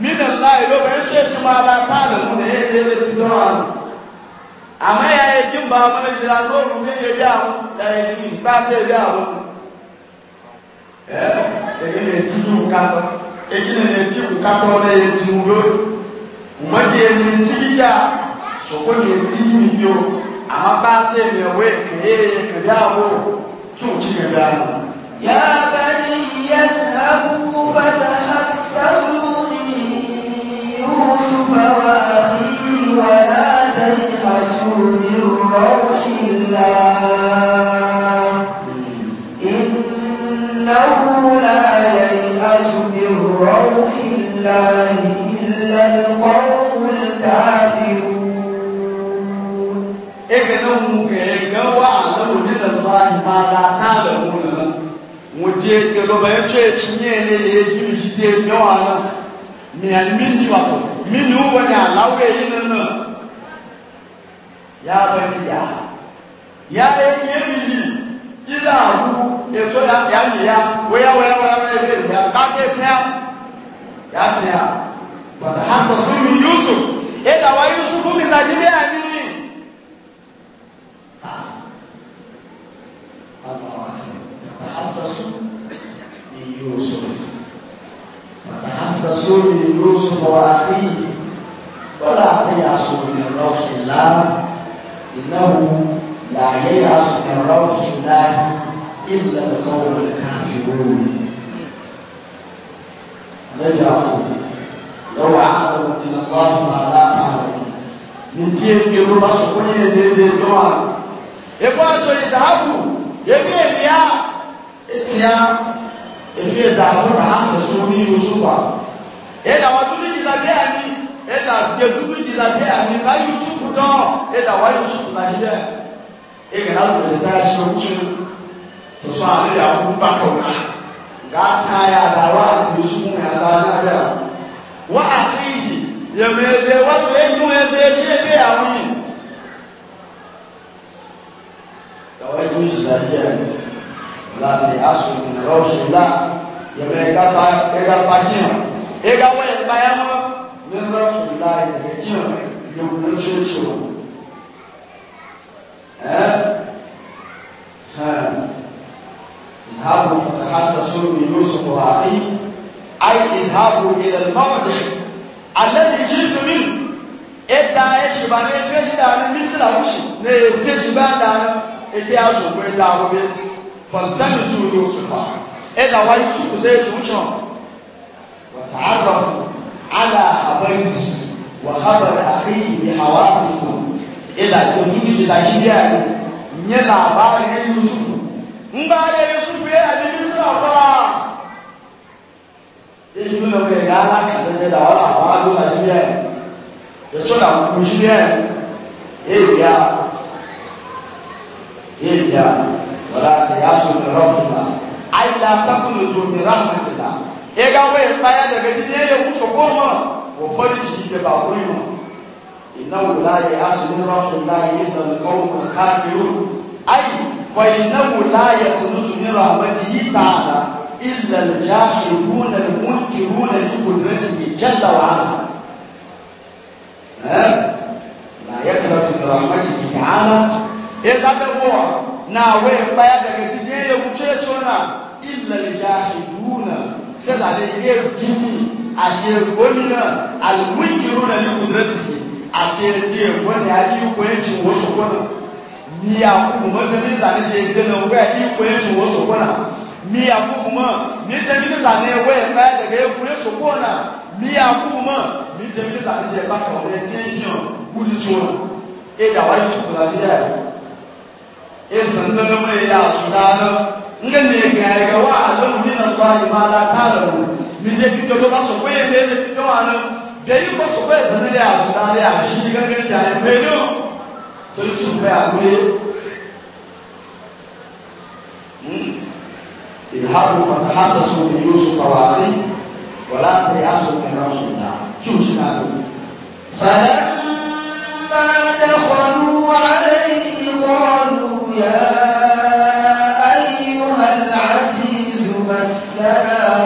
mí nà láyé ló bẹ̀ ń ṣe tí mo àlá tà lẹ mọ̀ ẹ̀ ẹ̀ lé ti dọ́rọ̀ àná àmọ́ yà ẹ̀ jí mbà mọ́ ẹ̀ ṣe ní ilé yà wọ́n ẹ̀ ẹ̀ jí mbà ɛdini eti wu katɔ edini eti wu katɔ ne eti wu do mɔdzi eti ti ya soko ni eti yi do ama ba te ne we kee kebe awo tso tsi kebe awo. yaba ni yasabu bata hasabu ni yusufa wa ahi wala ta hasu ni o. الله إلا القوم الكافرون إكلمك يقوى على وجد الله ما لا تعلمون وجيت كلوبا يتشيش نيني يجيو جديد نوانا من المني وقت من هو نعلاوه يننا يا بني يا يا بني إذا هو يتشيش نيني يا ويا ويا ويا ويا ويا ويا ويا ya tsaya ba ta hasa sun yi yusuf ya dawa yusuf min najeriya ne فتحسسوا من يوسف واخيه ولا تيأسوا من روح الله إنه لا ييأس من روح الله إلا القوم الكافرون لجرحوا لو عقلوا من الله ما لا أعلم من تيم يروا مشكولين دي دوان إبواتوا يذهبوا يبي الرياء إتيا إبي يذهبوا عن سوني وسوبا إذا وطولي يذهبوا ɛna yɛdudu gyinabi a nipa yusufu dɔ ɛna wa yusufu na yi dɛ ɛna azɔ ɛda ɛhyɛ wotwi soso a ɛyɛ ahu ba kɔ na kata ya dawa yusufu ya dawa ya wa akhihi yẹmẹdẹ wọn lè dún ẹdẹ ṣé ẹdẹ àwọn yìí. kàwé ní ìsìlájẹ láti asùn ìrọsùlá yẹmẹ ẹgbàpá ẹgbàpá jìnnà ẹgbàpá ẹgbàyà mọ nírọsùlá ẹgbẹ jìnnà yòókù ní ṣoṣo. اذهبوا فتحسسوا من يوسف واخيه اي اذهبوا الى الموضع الذي جئت منه ẹ̀dá ẹ̀ṣìbà ní ẹgbẹ́jìdá ní mísìlá wùsì ní ẹgbẹ́jìbá dáná ẹgbẹ́ àṣògbó ẹ̀dá àwọ̀bẹ́ fọ̀tẹ́mì tí ó yóò sùpà ẹ̀dá wáyé tí kò sẹ́yìn tó ń sàn wọ̀tá àgbàfọ̀ àlà àbẹ́yìí wàhábẹ̀rẹ̀ àkéyìí ní àwárásìkò ẹ̀dá tó ní ìdílé àṣírí àyè nyẹ́ nà àbá ẹ̀yẹ́ yóò sùpà ńgbà ayé yusufu yẹ àti bísí ọ̀pá èyí ló lọ́wọ́ ẹ̀dá alákàtà ní ẹ̀dá ọ̀là àwọn àdúrà yìí yẹ ètò ìlànà kù yìí yẹ èyí yá èyí yá wọlé àti yasọ ìrọ̀ ọ̀dùnà àyìnlá takùnù tó ní rámẹ̀tì la ẹ̀ka wọ́n yẹ fáyà dẹ̀bẹ̀ ní ẹ̀yẹ kú sọ̀kọ́ mọ̀ wọ́n fọ́ ní jì ìjẹba àkórí mọ̀ ìnáwó láyé asọ ìrọ̀ ọ̀dùnà yìí nà وإنه لا يخلص من رحمته تعالى إلا الجاحدون المنكرون لقدرته جل وعلا لا يخلص من رحمته تعالى إلا هو ناوي بايا دك تجيل وشيشونا إلا الجاحدون سيدا ليه جيني أشيروننا المنكرون لقدرته أشيروننا أشيروننا أشيروننا miya kuma tẹmí ta ni ṣe ṣe na wẹ ikú ètò wọn sọkọ na miya kuma mi tẹmí ta ni wẹ ẹgbẹ ẹgbẹ ikú ètò sọkọ na miya kuma mi tẹmí ta ni ṣe ẹgbẹ kọ ẹ ti ń yàn kúlù sọ na ẹ dà wáyé sọkọ la fi yà ẹ sàn nínú mi yà sùdà náà nga ne ga ga wa alam min allah ma la ta'lamu mi je ti to ba sọkọ yẹ ne ne ti to wa na bẹyì kọ sọkọ yẹ sàn ne yà sùdà ne yà sí gẹgẹ jà ẹ bẹyì náà. torí tí ìfẹ́ àgbélé ìhàbù pàtàkì sóbi yóò sọ kàwárí wà láti aṣọ ìran ìlà kí o ṣe náà lò. فلما دخلوا عليه قالوا يا أيها العزيز مسنا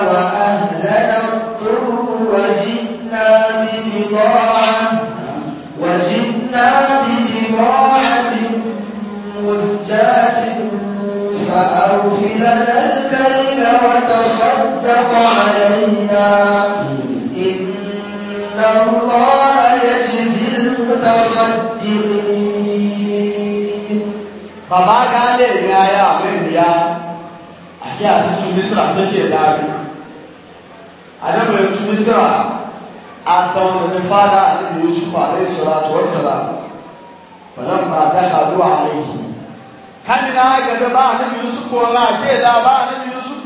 وأهلنا علينا إن الله يجزي المتصدقين bàbá káálẹ̀ ní ayé àmìnìyá àti àti tunisra tó jẹ dáre àdébìnrin tunisra àtàwọn ní fada àti yusuf alayhi salatu wa salam fọlọ́n máa dáka ló àlẹ́ yìí káni náà gẹ̀dẹ̀ bá àti yusuf kọ́ ọ́ náà jẹ́ ìdá bá àti yusuf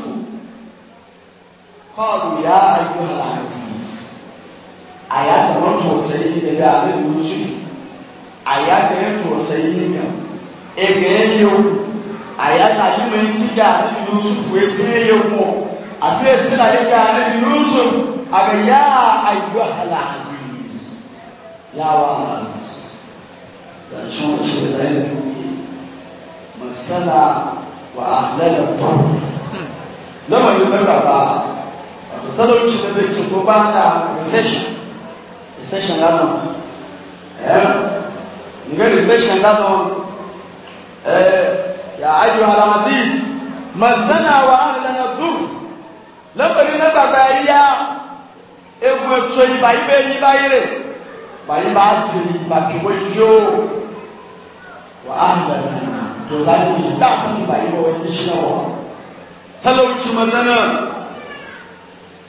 قالوا يا أيها العزيز آيات من سيدي بدا عبد يوسف آيات من سيدي بدا ẹgbẹ́ yóò àyàtà yìí ló ń tíjà níbi yusuf ẹgbẹ́ yóò pọ̀ àbí ẹtí náà yíjà níbi yusuf àbẹ̀yà àyùbá aláàzìz yàwá aláàzìz làṣọ ìṣẹ̀lẹ̀ láyé tó yé masala wà á lẹ́yìn tó yóò bẹ́ẹ̀ bàbá talauci da bai ke gobata recession recession latin nga recession latin ya ajiyu al'aziz masana wa ahlana dur lambari na bàbá ya ewu eto ìbá ibẹ̀ yíba ire bàyí bá ti ìbá kíkó yíyó wa ahlana dur láti ìdá fún ìbá ibẹ̀ wọ́n ti ṣe wọ́n talauci masana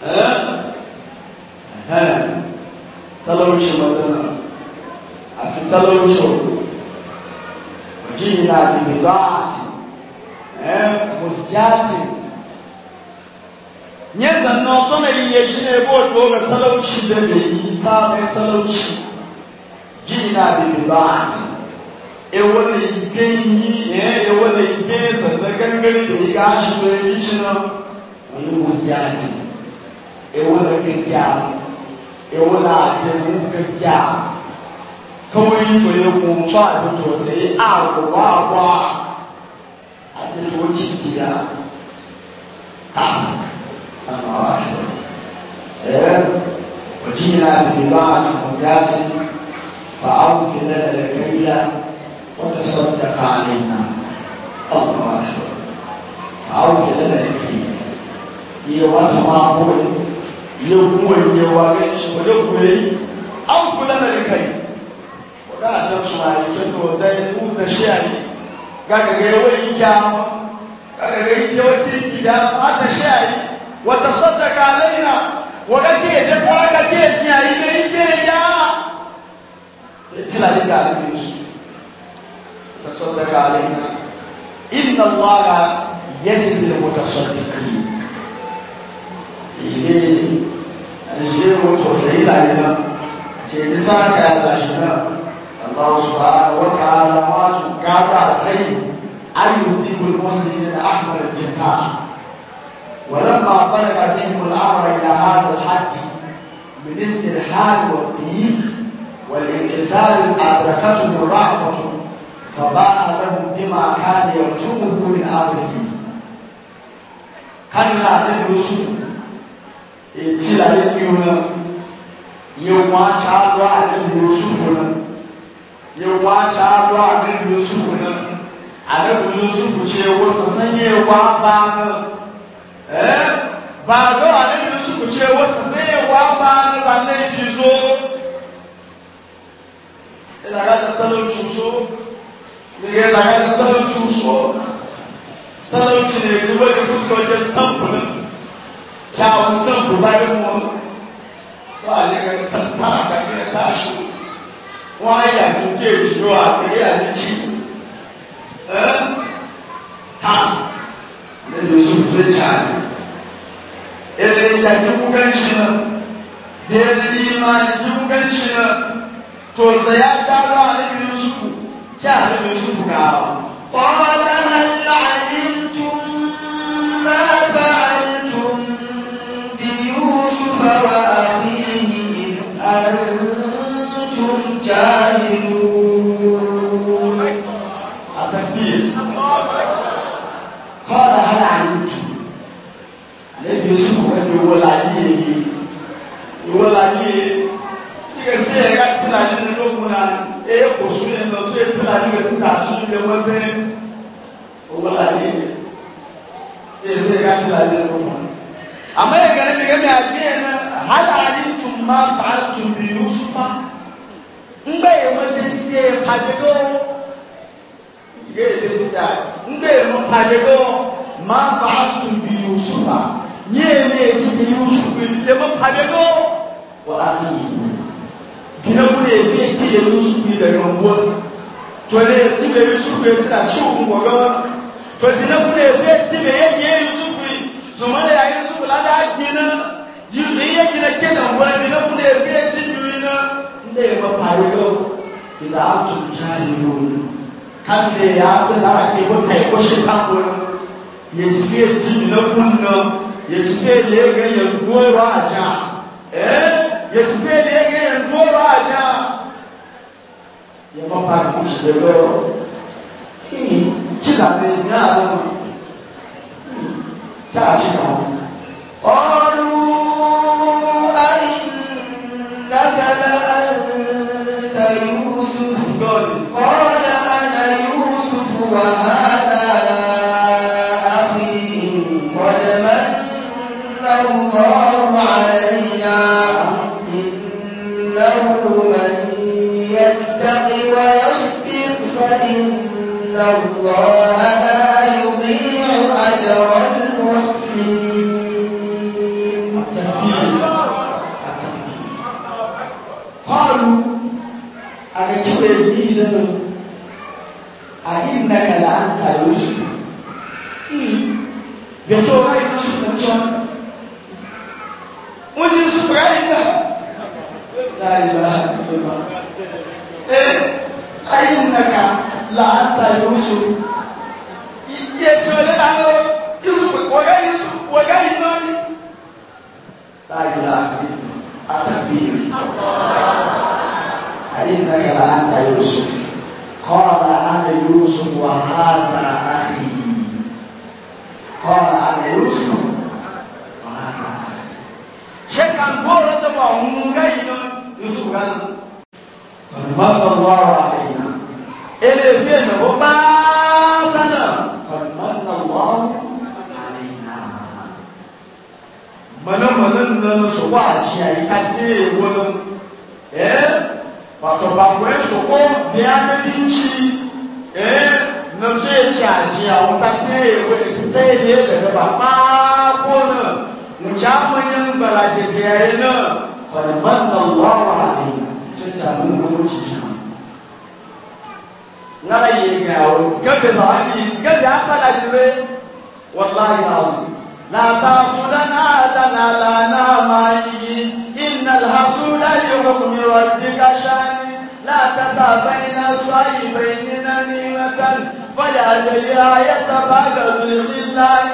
Hã? Hã? Taloncho, tá Madonna. Tá Aqui taloncho. Tá né? de humildade. Né? É, musgate. nye zanna ọsọ na yiye shi na ebe otu oge talauci da bai yi ta mai talauci ji na bibi ba ewo na ibe yi eh ewo na ibe zanna gangare da yi gashi da yi shi na wani musgate ewo na kekea ewo na adewu kekea kawo yi to ye ko tɔ adodo se awo wawa adodo kikira ta ama wa hɛ ɛɛ e, o jina biba sɔgɔsi fa awo kele ɛrɛ kɛyila o tɛ sɔn tɛ kaale na ɔma wa hɛ fa awo kele ɛrɛ kɛyila iye wa tɔ ma ko ye ne kuwa ne wa ne shi wani kuwa yi an kula da rikai wadda a jan su ayi ta da wadda ya nuna da shi ayi ga ga ga yawon yi kyawa ga ga ga yi yawon kirki da a ta shi ayi wata sadaka alaina wadda ke da saraka ke ji ayi da yi ke ya ya tila da ga alaƙin su ta sadaka alaina inna allaha yajzi al-mutasaddiqin jige jige wato sai rayuwa ce bisa ka ya tashi na Allah subhanahu wa ta'ala ma su gata da kai an yusibu al-muslimin ahsan al-jazaa ولما بلغ بهم الامر الى هذا الحد من استرحال والضيق والانكسار ادركتهم الرحمه فباع لهم بما كان يرجوه من امره كلا للوصول eti la ne kpiw na nye wɔn atsa do a ne buro sufu na nye wɔn atsa do a ne buro sufu na ale buro sufu tse wo sese nye wa ba na ɛɛ ba do a ne buro sufu tse wo sese nye wa ba na ba ne yi zo ɛna ka tɛ tɛlɛ tsu so ne yɛ na ka tɛ tɛlɛ tsu so tɛlɛ tsi ne ti wɛ ne ko sɔ tse sanpu na kyawun san dubayin mu so a ne ka tantara ka kira tashi wọn ayé àtúnké ìṣòro àtẹlé àtúnjí ẹ tas lẹnu sọfúnlẹ chaali ẹlẹ ìyàtúkú kẹńṣinà bẹẹni ìmọ ìyàtúkú kẹńṣinà tòzẹyà jáde àlẹ ìyàtúkú kí àlẹ ìyàtúkú kàá ọmọ dáná yẹ. وأخيه إذ أنتم جاهلون التكبير قال هل علمتم النبي يوسف أن يقول عليه يقول عليه ìgbésí ẹ̀ka la ní lókun amma ya gane daga mai abiya na halalin tumma fa'altum bi yusufa in bai yi wajen ke fadigo ya yi zai fita in bai yi fadigo ma fa'altum bi yusufa ne ne ji bi yusufa ya ma o, wa ake yi gina kuma ya fiye ke yi yusufa da yawan to ne ya tibe yusufa ya fita o gwagwa to gina kuma ya fiye tibe ya yi yusufa su mana ya yi fula da gina yuzi ya gina kenan wani na kuma ya fiye cikin na inda ya ba faru yau ki za a cuta ne yau kan da ya fi za a ke wata ya kwashe kan wani ya ci fiye cikin na kunna ya ci fiye lega ya goyi ba aja, ja ya ci fiye lega ya goyi ba a ja ya ba faru kusa da yau ki zaɓe ni a zama ta a shi na wani قالوا أئنك لأنت يوسف قال أنا يوسف وهذا أخي قد الله إنه من ويصبر فإن الله dana ayi naka la anta yosu bientôt on va être sur comme toi on dit sur ayi na la ila ila eh ayi naka la anta yosu iye tí o lé la lọ yusuf wọgá yusuf wọgá yìí náà ni la ila ila فإنك لأنت يوسف قال أنا يوسف وهذا أخي قال أنا يوسف وهذا أخي شيخ أنقول أنت وهم يوسف قال قد الله علينا إلى فين هو بابنا قد من الله علينا من من من سواء شيء أتي ولم إيه wato e, ba kuwa su ko biyananci eh na zai caji a wata tsaye wadda ta yi ne daga ba ba ko na musamman bala da tsaye na kwalban da wawa ne sun samu gwamnati shi na yi gawo gabe ba wani gabe a sada jire wallahi na su na ta su da na ta na la na ma yi إن الحمد لحكم ربك شان لا تدع بين الصعيبين نميمة ولأجل آية بعد الخلان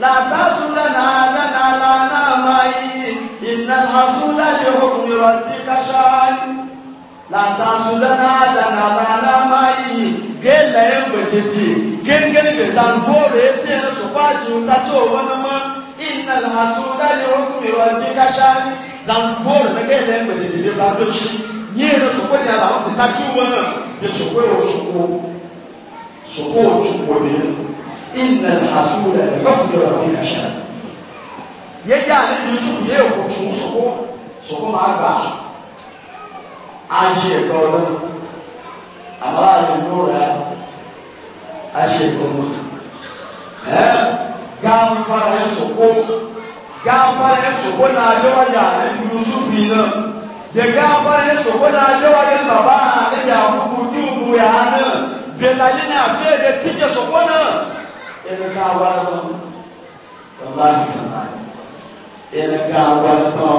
لا تصلنا لنا لنا معي إن الحصول لحكم ربك شان لا تصلنا لنا لنا معي قال لهم بجتي قال قال بزان بوريتي أنا سباجي وتاتو ونما إن الحصول لحكم ربك شان zankuoro na gẹ́gẹ́ lẹ́yìn pẹ̀lú ìdílé bá tó ṣí yíyẹ ní sọ̀kọ́ ní àlàó ti tákì wọn náà ní sọ̀kọ́ òṣùpọ̀ sọ̀kọ́ òṣùpọ̀ ní ìnà àsúrẹ̀ lọ́kùnrin ọ̀rọ̀ ní àṣà yẹ́yẹ́ àlẹ́ ní sùn yẹ́ òkùnkùn sọ̀kọ́ sọ̀kọ́ máa gbà àṣẹ ẹ̀kọ́ ọlọ́run àmọ́ àlẹ́ ní ọ̀rọ̀ àṣẹ ẹ̀kọ́ ọlọ́run ẹ̀ gáà ń fara ẹ̀ sọ̀kọ́ gáfárá yẹn sọ̀kọ́ náà adéwájà ẹ̀dùnsúfì de yẹ gáfárá yẹn sọ̀kọ́ náà adéwájà bàbá ẹ̀dì àkókò dùnkù yà á náà bẹ̀rẹ̀ yẹn ní abẹ́rẹ́ tíjẹ sọ̀kọ́ náà ẹ̀rẹ̀ ká wà lọ́wọ́ bàbá mi sàlá ẹ̀rẹ̀ ká wà lọ́wọ́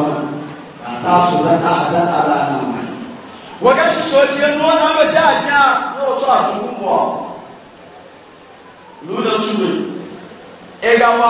àtà sọ̀rọ̀ náà àdá àlà náà wọ́n ká sọ̀rọ̀ tiẹ̀ ní wọ́n náà wọ́n jẹ́ àdínyà yóò tó àtúnkù pọ̀ lónà túwèé ẹ̀gá wa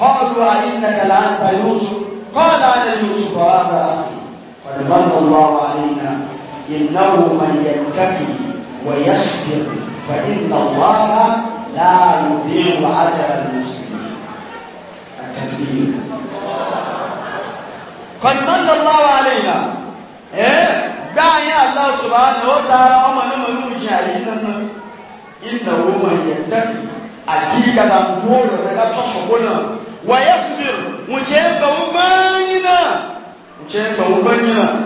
قالوا أئنك لأنت يوسف قال أنا يوسف هذا أخي قد من الله علينا إنه من يتقي ويصبر فإن الله لا يضيع أجر المسلمين قد من الله علينا إيه داعي الله سبحانه وتعالى ومن من يجعلنا إنه من يتقي أكيد انا نقول لك تصبرنا ويصبر وجهك وبنينا وجهك وبنينا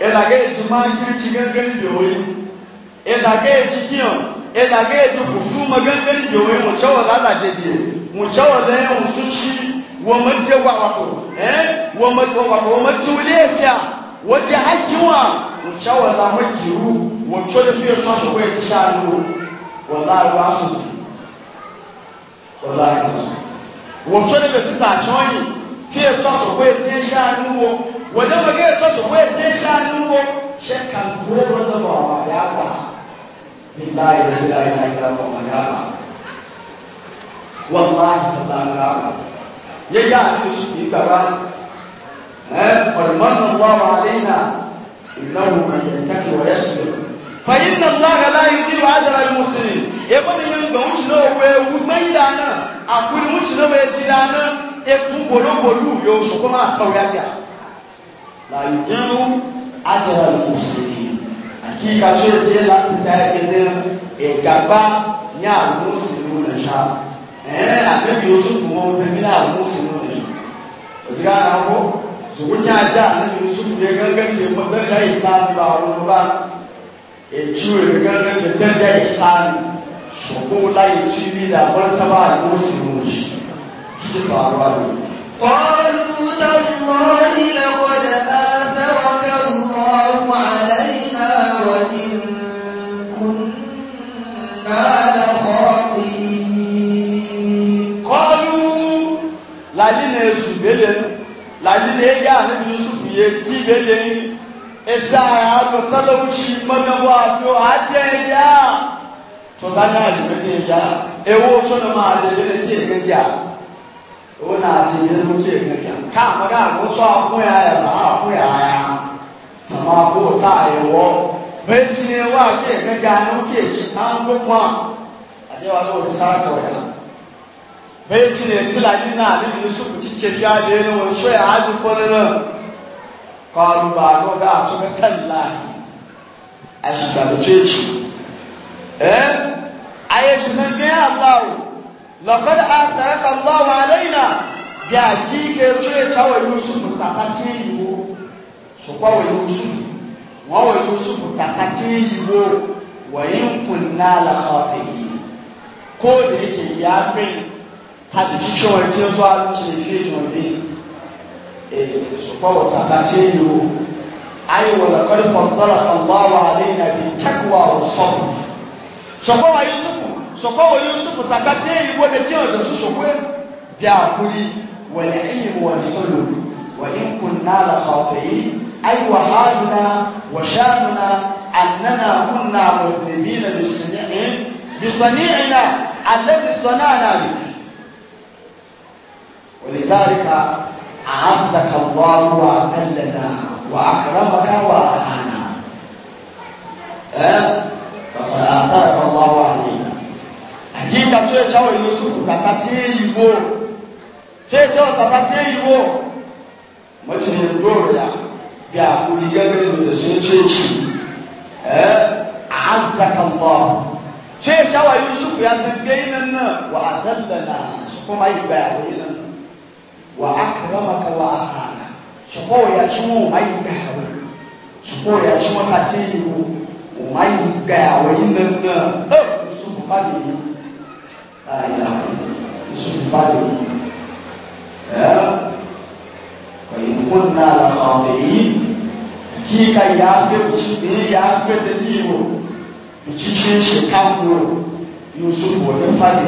إذا جئت ما كنت جنجن بيوي إذا جئت كيون إذا جئت خصوم جنجن بيوي مجاوز على جدي مجاوز يوم سوشي ومن جوا وقو ومن جوا وقو ومن جوا wọ́dí ajiwa nkyawọ́dá mọ́kìrú wọ́twọ́ ní fi ẹ̀fọ́ so wọ́n ẹ̀kí sáà ló wọ́n láàrú asòfin wọ́n láàrú asòfin wòtó ne bɛ sisa atsɔn yi fie tɔtɔ wo ete ya nuwo wòtó wo ke tɔtɔ wo ete ya nuwo sɛ kankuro wo ne wɔ ɔmɔ ya ba mi ba yɛ si la yɛ ayi la wɔ ɔmɔ ya ba wɔn ba yi ti la yɛ la ba yɛ ya ayi su yi kaba ɛ ɔlɔmɔ nu wɔ wa ale na ìnáwó ayɛ kaki wɔ yɛ sori. فإن الله لا يضيع أجر المسلمين يبقى من بعوجنا ومجدنا أقول مجدنا ومجدنا يكون بلو بلو يوشكما أقوياك لا يضيع أجر المسلمين حقيقة شيء لا تتأكد إجابة يا المسلمون إن شاء الله ɛɛ abɛbi yosufu wɔn pɛmi na wɔn si wɔn ɛyi ɔdi ka na kɔ sukuu nyɛ adi a na yosufu yɛ gɛgɛ bi yɛ mɔ bɛɛ ka yi saa bi ba ɔlɔlɔ ba etu ekele tetete esani sokola etiri la bɔlɔtaba ayiwo si mu yi titi to alo alo. قالوا تالله لقد آثرك الله علينا وإن كنا لخاطئين قالوا لعلنا يوسف يلين لعلنا يا نبي يوسف يتي يلين ẹtí àyà ló tọ́lọ́ wíṣí mọ́nàwó àti àjẹ́ ẹ̀yà tọ́lá náà lè fi ẹ̀yà ewu tọ́lọ́ máa lè fi ẹ̀yà ẹ̀yà owó náà ti yẹ ló ti ẹ̀yà káàmù náà kó tọ́ àfún yà yà bá àfún yà yà tọ́lá kó tá àyẹ̀wọ́ méjì ni wà á kí ẹ̀yà ló kí èyí náà ń gbé pọ́n àdéhùn àti òrìṣà kọ̀ yà méjì ni ètí làyé náà nínú yusufu kíkẹ́ fi àdéhùn òṣù قالوا بعد وقع سنة الله أشبه بتشيش إيه أيش من جاء الله لقد أثرك الله علينا يأتيك شيء شوى يوسف تقتيه شقوى يوسف وهو يوسف تقتيه وإن كنا لخاطئين كل هيك يا فين هذا شيء شوى تنزل على شيء شوى سبحانه وتعالى أي أيوة، ولقد فضلك الله علينا بالتقوى والصبر سبحانه يوسف سبحانه يوسف تقاتل ودكيان جسو سبحانه بيعقلي والعلم والحلم وإن كنا لخاطئين أي وحالنا وشاننا أننا كنا مذنبين بصنيعنا بصنيعنا الذي صنعنا به ولذلك أعزك الله وأقلنا وأكرمك وأهانا فقد آثرك الله علينا hakika tó yẹ cháwọ ìlú sùkù kàtà tí é yìí wò tó yẹ cháwọ kàtà tí é yìí wò mọ̀jìnì lóòrè à bí àkúrí gẹ́gẹ́ ní ìdẹ̀sùn chéèchì ẹ́ àzàkàlọ́ tó yẹ cháwọ ìlú sùkù yà ti gbé iná náà wà á dẹ́lẹ̀ náà sùkù máa yìí gbà yà wọ́n iná wa akramaka wa ahana sɔkɔ ya tuma o ma yi ga awo sɔkɔ ya tuma ka te yi o o ma yi ga awo yi na na ɛ musu ba de yi ayiwa musu ba de yi ɛ kɔyi ko na la kɔɔte yi k'i ka yaafe ti ni yaafe te ti o ìtítí ṣe káwọn yóò sọ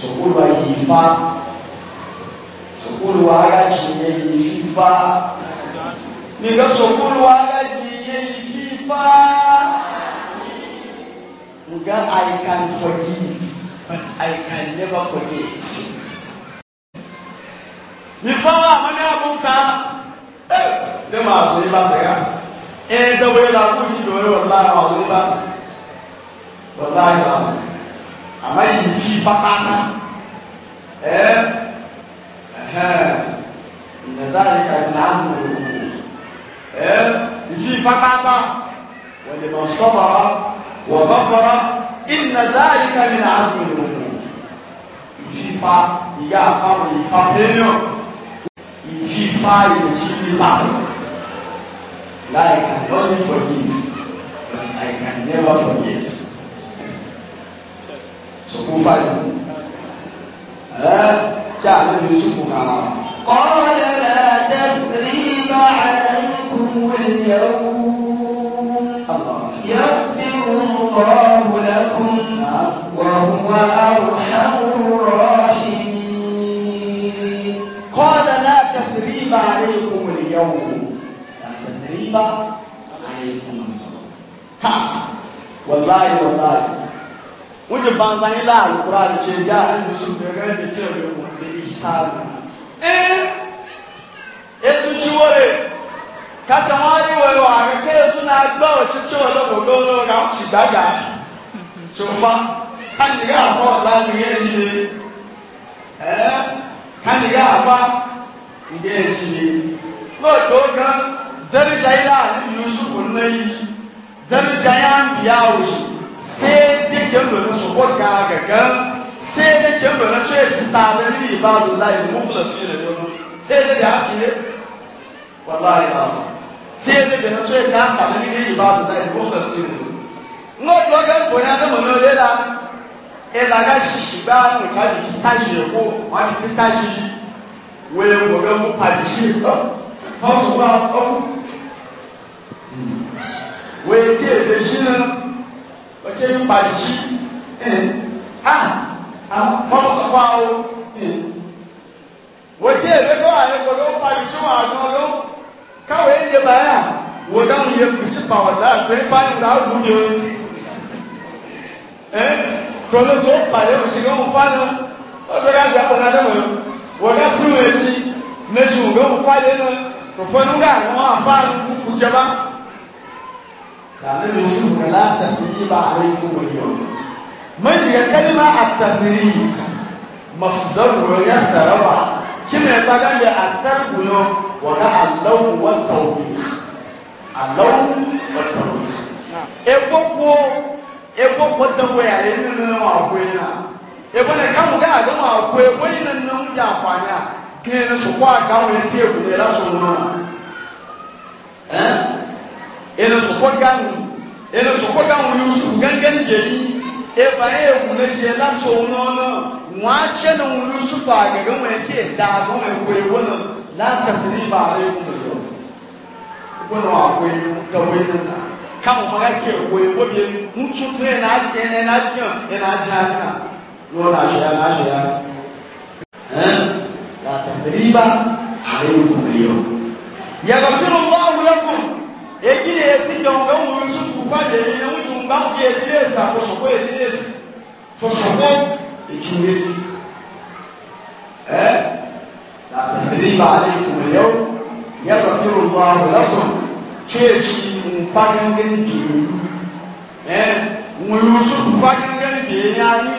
sukulu ayifa sukulu agaji ye yififa nika sukulu agaji ye yififa nga i can forgive but i can never forget nifa amani abuka ee eh, ne ma sọ yìí bá fẹ ká ee dọwọ yẹn la kó yìí dọwọ yẹn wọlá ma sọ yìí bá fẹ wọlá yìí ma sọ àmọ́ yìí pátápátá ẹ ẹhẹn ìdàdá yìí kàdé náà sọ wọn ẹ yìí pátápátá wọ́n lè mọ sọ́mọ́ wọ́n bá fọ́ra ìdàdá yìí kàdé náà sọ wọn yìí pa ìyá àfáwọn yìí pa pẹ́ẹ́nìọ̀ yìí pa ìrètí yìí láàbọ̀ láì kàdé lọ́dún fọ̀yìn but I can never forget. صفوف فاعل ها تعلم يوسف على قال لا تثريب عليكم اليوم يغفر الله لكم وهو أرحم الراحمين قال لا تثريب عليكم اليوم لا تثريب عليكم ها والله والله wúti banza ní láàrú kúrò àdìsẹ́ ìdí àdìsẹ́ ìsú gẹ́gẹ́ ní kí ọ̀rẹ́ wọn lè yí sáàrù. ẹ ètò ìṣíwọ́rẹ̀ kàtà wọn á yíwọ̀ ẹ̀wọ̀ àkẹ́kẹ́ ètò náà gbọ́ òtítí ọlọ́wọ̀ lọ́wọ́ náà ti gbàgà tó fa kánìgá àfọ lánìyẹ ìdílé ẹ kánìgá àfá ìdí ìdílé lóòótọ́ gan dẹ́rẹ́jà yìí láàrin yusuf ní dẹ́rẹ́jà yìí á ń bìyà òṣù sai dai ke lura su ko ga gaga sai dai ke lura ce su ta da ni ba da lai mu kula shi ne wani sai dai ya ci ne wallahi ba sai dai ke na ce ta ta da ni ba da lai mu kula shi ne ngo to ga ko na da mu ne da e da ga shi shi ba mu ta ji ta ji ko ma ji ta ji we go ga mu pa ji shi ko ko su ba ko we ke da shi ne kéwù bàjì a mọ́tòfà o wòtí ẹ̀rẹ́gbọ́ àyẹ̀kọ́ ló bàjì tó wà lọ ló káwé ẹ̀yẹ báyà wò dáhùn yẹ kùtì pàwọ́dà pé báyìí là á wù ní o ẹ̀ tọ́lú tó bàjẹ́ kùtì kí wọ́n fà lọ ọ̀dọ́ ká jà pọ̀ náà wọ́n ká sùn èyí méjì wọ́n fà lẹ́nu tó fọ́nù ká àwọn àfáà kùjọba. لأن يوسف لا تكذيب عليكم اليوم من هي كلمة التكذيب مصدر يتربع كما يتقال التكذيب وقع اللوم والتوبيخ اللوم والتوبيخ ebopo ebopo dɔbɔ ya ye ne nana wa koe na ebo ne kan ka a dɔn wa koe ko yi ne nana wuli afaani a kene so ko a kan wuli tie kun yɛlɛ so ele sokɔ ganu ele sokɔ ganu yusu gangan jeli eba ye wule se lato nɔnɔ ŋun atsɛ ne ŋun yusu fa gɛgɛ ŋun eke daa ŋun ekoe wɔnɔ latasiri ba ale ŋun yɔ wɔnɔ akoe gawoe nana kawo maga ke ekoe wɔbie ŋutsu tɛ na adzɛ ɛna adzɛ ɛna adzɛ aka lɔra azia na azia ɛn latasiri ba ale ŋun yɔ yagafiro ba wula kun èyí lè ti dọ̀nkẹ́ wùrù sùkú fàjẹ̀ ní ẹ̀wù tó ń bá fi èyí lè ta fọ̀sọ̀kọ́ èyí lè fọ̀sọ̀kọ́ èyí lè ẹ́ làtàrí bá a lè kùn yẹ́wò yẹ́pà fi rò bá wò lọ́tọ̀ chéèchì nfàgẹ́ngẹ́ nìyí ẹ́ wùrù sùkú fàgẹ́ngẹ́ nìyí ní ayé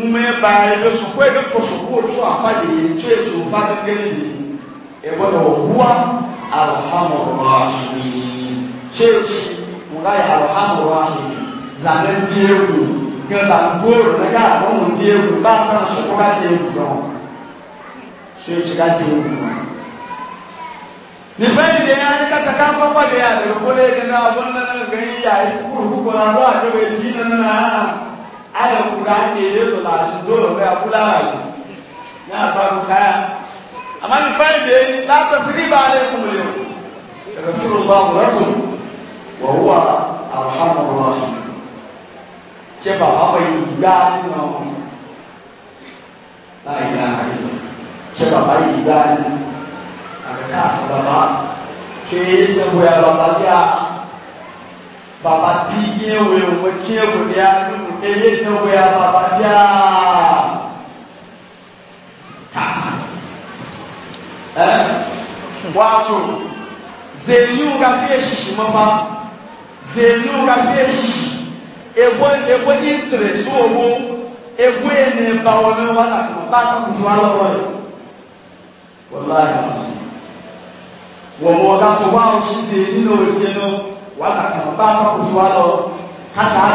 ŋmɛ baa yi bɛ sukuu yi bɛ kɔ sukuu yi sɔ afa de yi tso etu fa de kele yi ɛwɔ lɛ ɔwua alihamudulilayi chechi mungai halohambo wahi zane ndiegu ngeza ngoro nega akomu ndiegu bata na shoko kati egu don chechi kati egu nifaide yani kata kamba kwa de ya de kole de na abonna na gani ya ikuru ko na ba de be dina na ala kurani de to la shido be akula na ba ku kaya amma nifaide la tasriba alaikum al-yawm yaghfirullahu lakum wọ́wọ́ alhamdulilah kí bàbá bá yìí gbá nínú ọmọ láì gbá nínú kí bàbá yìí gbá nínú àkàkà àti bàbá kí ẹgbẹ́ ya bàbá bí a bàbá tí yé wo ewu tí yé wo ní a nínú eyé ẹgbẹ́ ya bàbá bí a ẹ wàá tó zèyí wò ká fi èsì mọ́ fa zenu kakeshi ebo ebo interest owo ebo ene ba wona wala ko ba ta ku wala wala wallahi wo mo da ko ba o si de ni no je no wala ko ba ta ku wala wa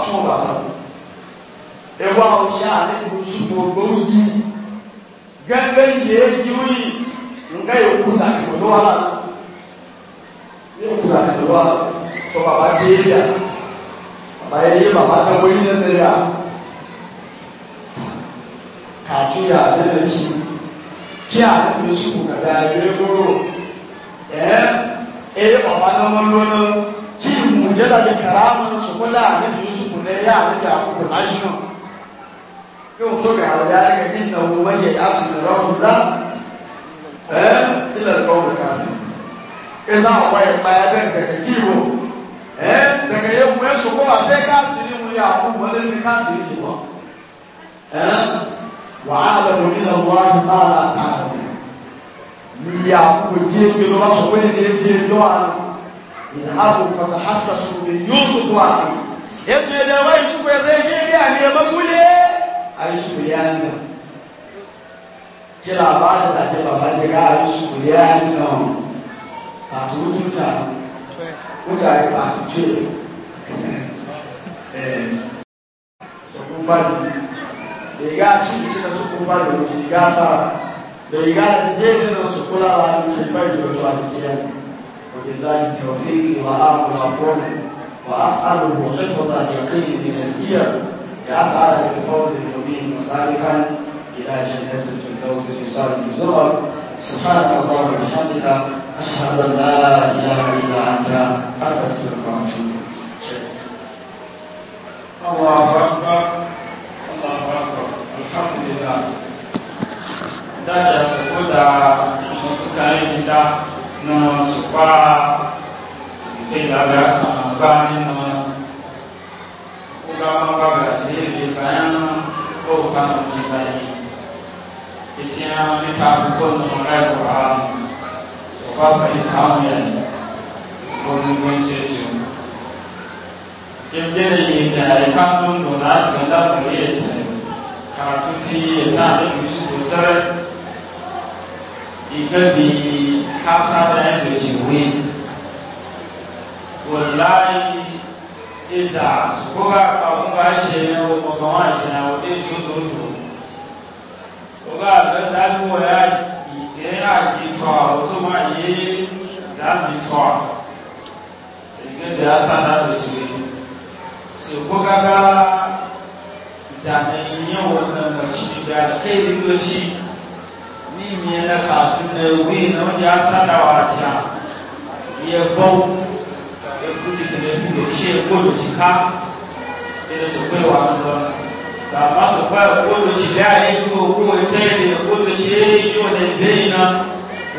tu ba sa ebo o sha ne bu su bo bo yi wala ní òkúta pẹ̀lú wa sọ bàbá dé yà bàbá yẹ yé bàbá kan wọ́n yín lẹ́tẹ̀ yà kàtú yà lẹ́lẹ̀ kí eh, à ní sùkù kàdá yẹ kúrò ẹ ẹ bàbá náà wọ́n lọ́nà kí ìmùjẹ́ dàbí kàràmù sùkúlà àti sùkù lẹ́yà àti àkókò náà ṣùgbọ́n yóò tó kà àwọn yàrá kẹ́kẹ́ ìnáwó wọ́n yẹ yà sùn lọ́wọ́ ena awɔ ɛkpa yɛ bɛ nkɛkɛ kiwo ɛ e, nkɛkɛ yɛ mu esoko wa sɛ kaasi ni mu yɛ ako mu ɛlɛ ni kaasi yi wɔ ɛ e, wàhálà lɛ wòlí na wòa ní bàálà ta mi yɛ ako mo die bi lɔ wa sɔ wòlí ni edie lɔ wa ìhàbò e, kɔtà o so mi yóò de wa ètò yɛ dɛ wà yi soko yɛ dɛ yé bi àná yɛ bɛ wúlé ayi soko yɛ àná kí lè àbá àti àti bàbá jẹ ká ayi soko yɛ àná. 法族听着，我在法族去，哎，手工班的，人家亲戚的手工班的，人家他，人家天天的手工啦，一般就赚钱。وبالله التوفيق وآمل الأفضل أشهد أن لا إله إلا أنت أستغفرك وأتوب الله أكبر الله أكبر الحمد لله dáadáa sọ̀kò dáa ọmọkúta ẹ̀ ti dá náà sọ̀kò àá ìfẹ́ ìdára àgbà nínú ọgbà ọgbà léèrè báyán ọ̀gbà ọ̀gbà yìí ètí àwọn mẹ́ta àkókò nínú ọ̀rẹ́ ìwà ààrùn. رفع الحمل ومنشئ yadda da ya kanun da na su da kare ya ce karatu fi ya ta da mishi kusar wallahi iza su kuka kawun ba shi na wakwakwama shi na wadda ya tuntun to yẹn àjìkọ àwọn tó máa yé dábìkọ ìgbẹ́dẹ̀ asana lòtù yìí ṣùgbọ́n káká ìjànà ìyẹn wọn nà mọ̀tì bíi àkéyìí lọ́sí ní ìmìyẹn náà kàfin náà wí náà wọ́n yẹ asana wà jà yẹ bọ́wọ́ ẹkú tètè lẹ́kú lòsí ẹkú lòsí ká ẹ̀rẹ́sọ̀pẹ́ wà lọ́nà bàbá sọ̀pá ìkóòlù ṣìlẹ̀ àlejò ogún ẹ̀tẹ́lẹ̀ ìkóòlù ṣe é yóò lè dé iná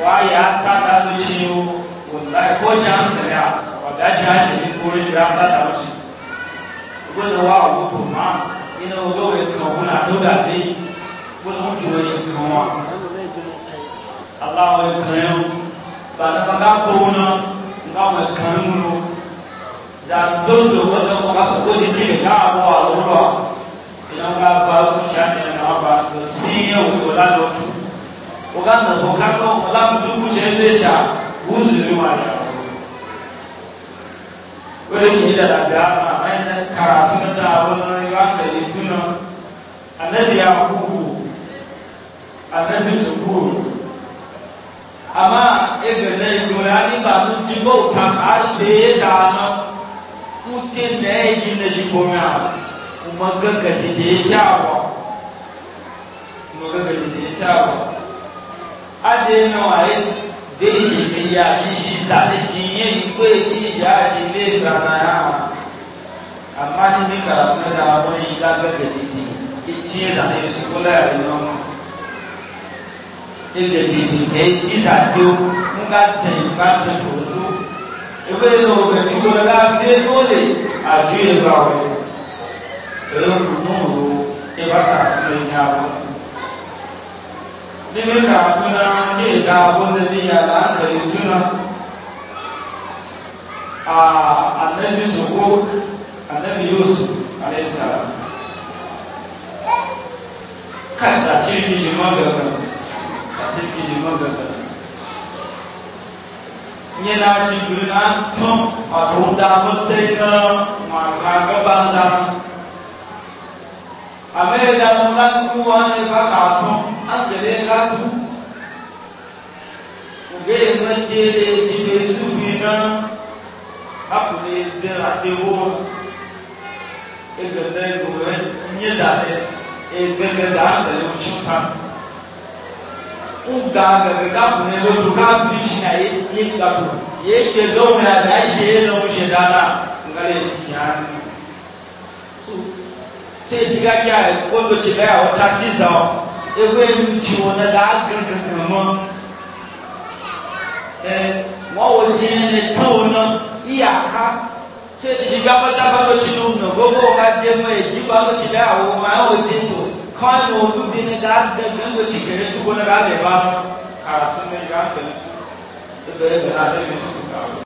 wà á yà á sáta ló ṣe o òǹtà ìkọ́jà ń tẹ̀lé à ọ̀dà jẹ́ àṣẹ ní kórè ìrà sáta ló ṣe. gbọ́dọ̀ wá òwú kò má iná olówó ẹ̀kan òun náà tó dàbí gbọ́dọ̀ ń jùlọ ẹ̀kan wa. aláwọ̀ ẹ̀kan yẹn bàdàbàdà kó wọn náà nga wọn ẹ̀kan ń lò. zàdóńdó wọ́n nanga balu shani na ba sinye ukolalo oganda bokano olamu tukuchezesha uzuri wala wale kida da gama aina karatu da wannan yanda ne tuna annabi ya huku annabi sukuru amma ebene igore anigba tó ti bó kàkà dé dáná kú tí nẹ́ẹ̀yìn lè ṣe kó mi àwọn magaga da ya kyawa magaga da ya kyawa ade na waye da yake mai yashi shi sa da shi yin kwe ki ya shi ne rana ya amma ni ne karatu da abin yi gagaga da ya ce da ne su kula ya yi nan ilẹ̀ bìbì tẹ̀ ìdíjà tó ń ká tẹ̀ ìgbà tẹ̀ tó tó ewé lọ́wọ́ bẹ̀ tó lọ́la fi é lólè àjù ìgbà wọ̀nyí rumuru e baka sun yawo ne ne ka kuna ne da abun da ya da aka yi tuna a annabi shugo annabi yusuf alayhi salam kan da ce ni jima ga ga da ce ni nye na jibiri na tun a tun da mutai ma ga gaban da amẹ́ẹ̀dá ńlá kú wọn ní bàtà tún àtẹ̀lé látú ògbé ìmọ̀jẹ̀lẹ̀ ìdílé sùnmí náà akùnrin dẹ́ra déwó ezẹ̀lẹ̀ ìgbòho nyé dàlẹ̀ ezẹ̀lẹ̀dà àtẹ̀lé oṣù ká ŋga gẹ̀gẹ̀ kákùnrin lójú káfí ṣìnà yé yé gbàgbọ́ yé gbẹdọ̀ wọn àdáṣe yé lọ́wọ́ ṣẹ̀dá náà ńgá lè sìn án sai ji gaji a wanda ce bai a wata tiza wa ebe yin na da agangan kama wọn wọ ji tão tawo na iyaka sai ji ji gaba da ba ci nu na gogo ba de mai ji ba ba ci da awo ma wo quando to kan wo du bi ne da agangan ba ci gare tu na ga ba karatu ne ga ba ne da bare da da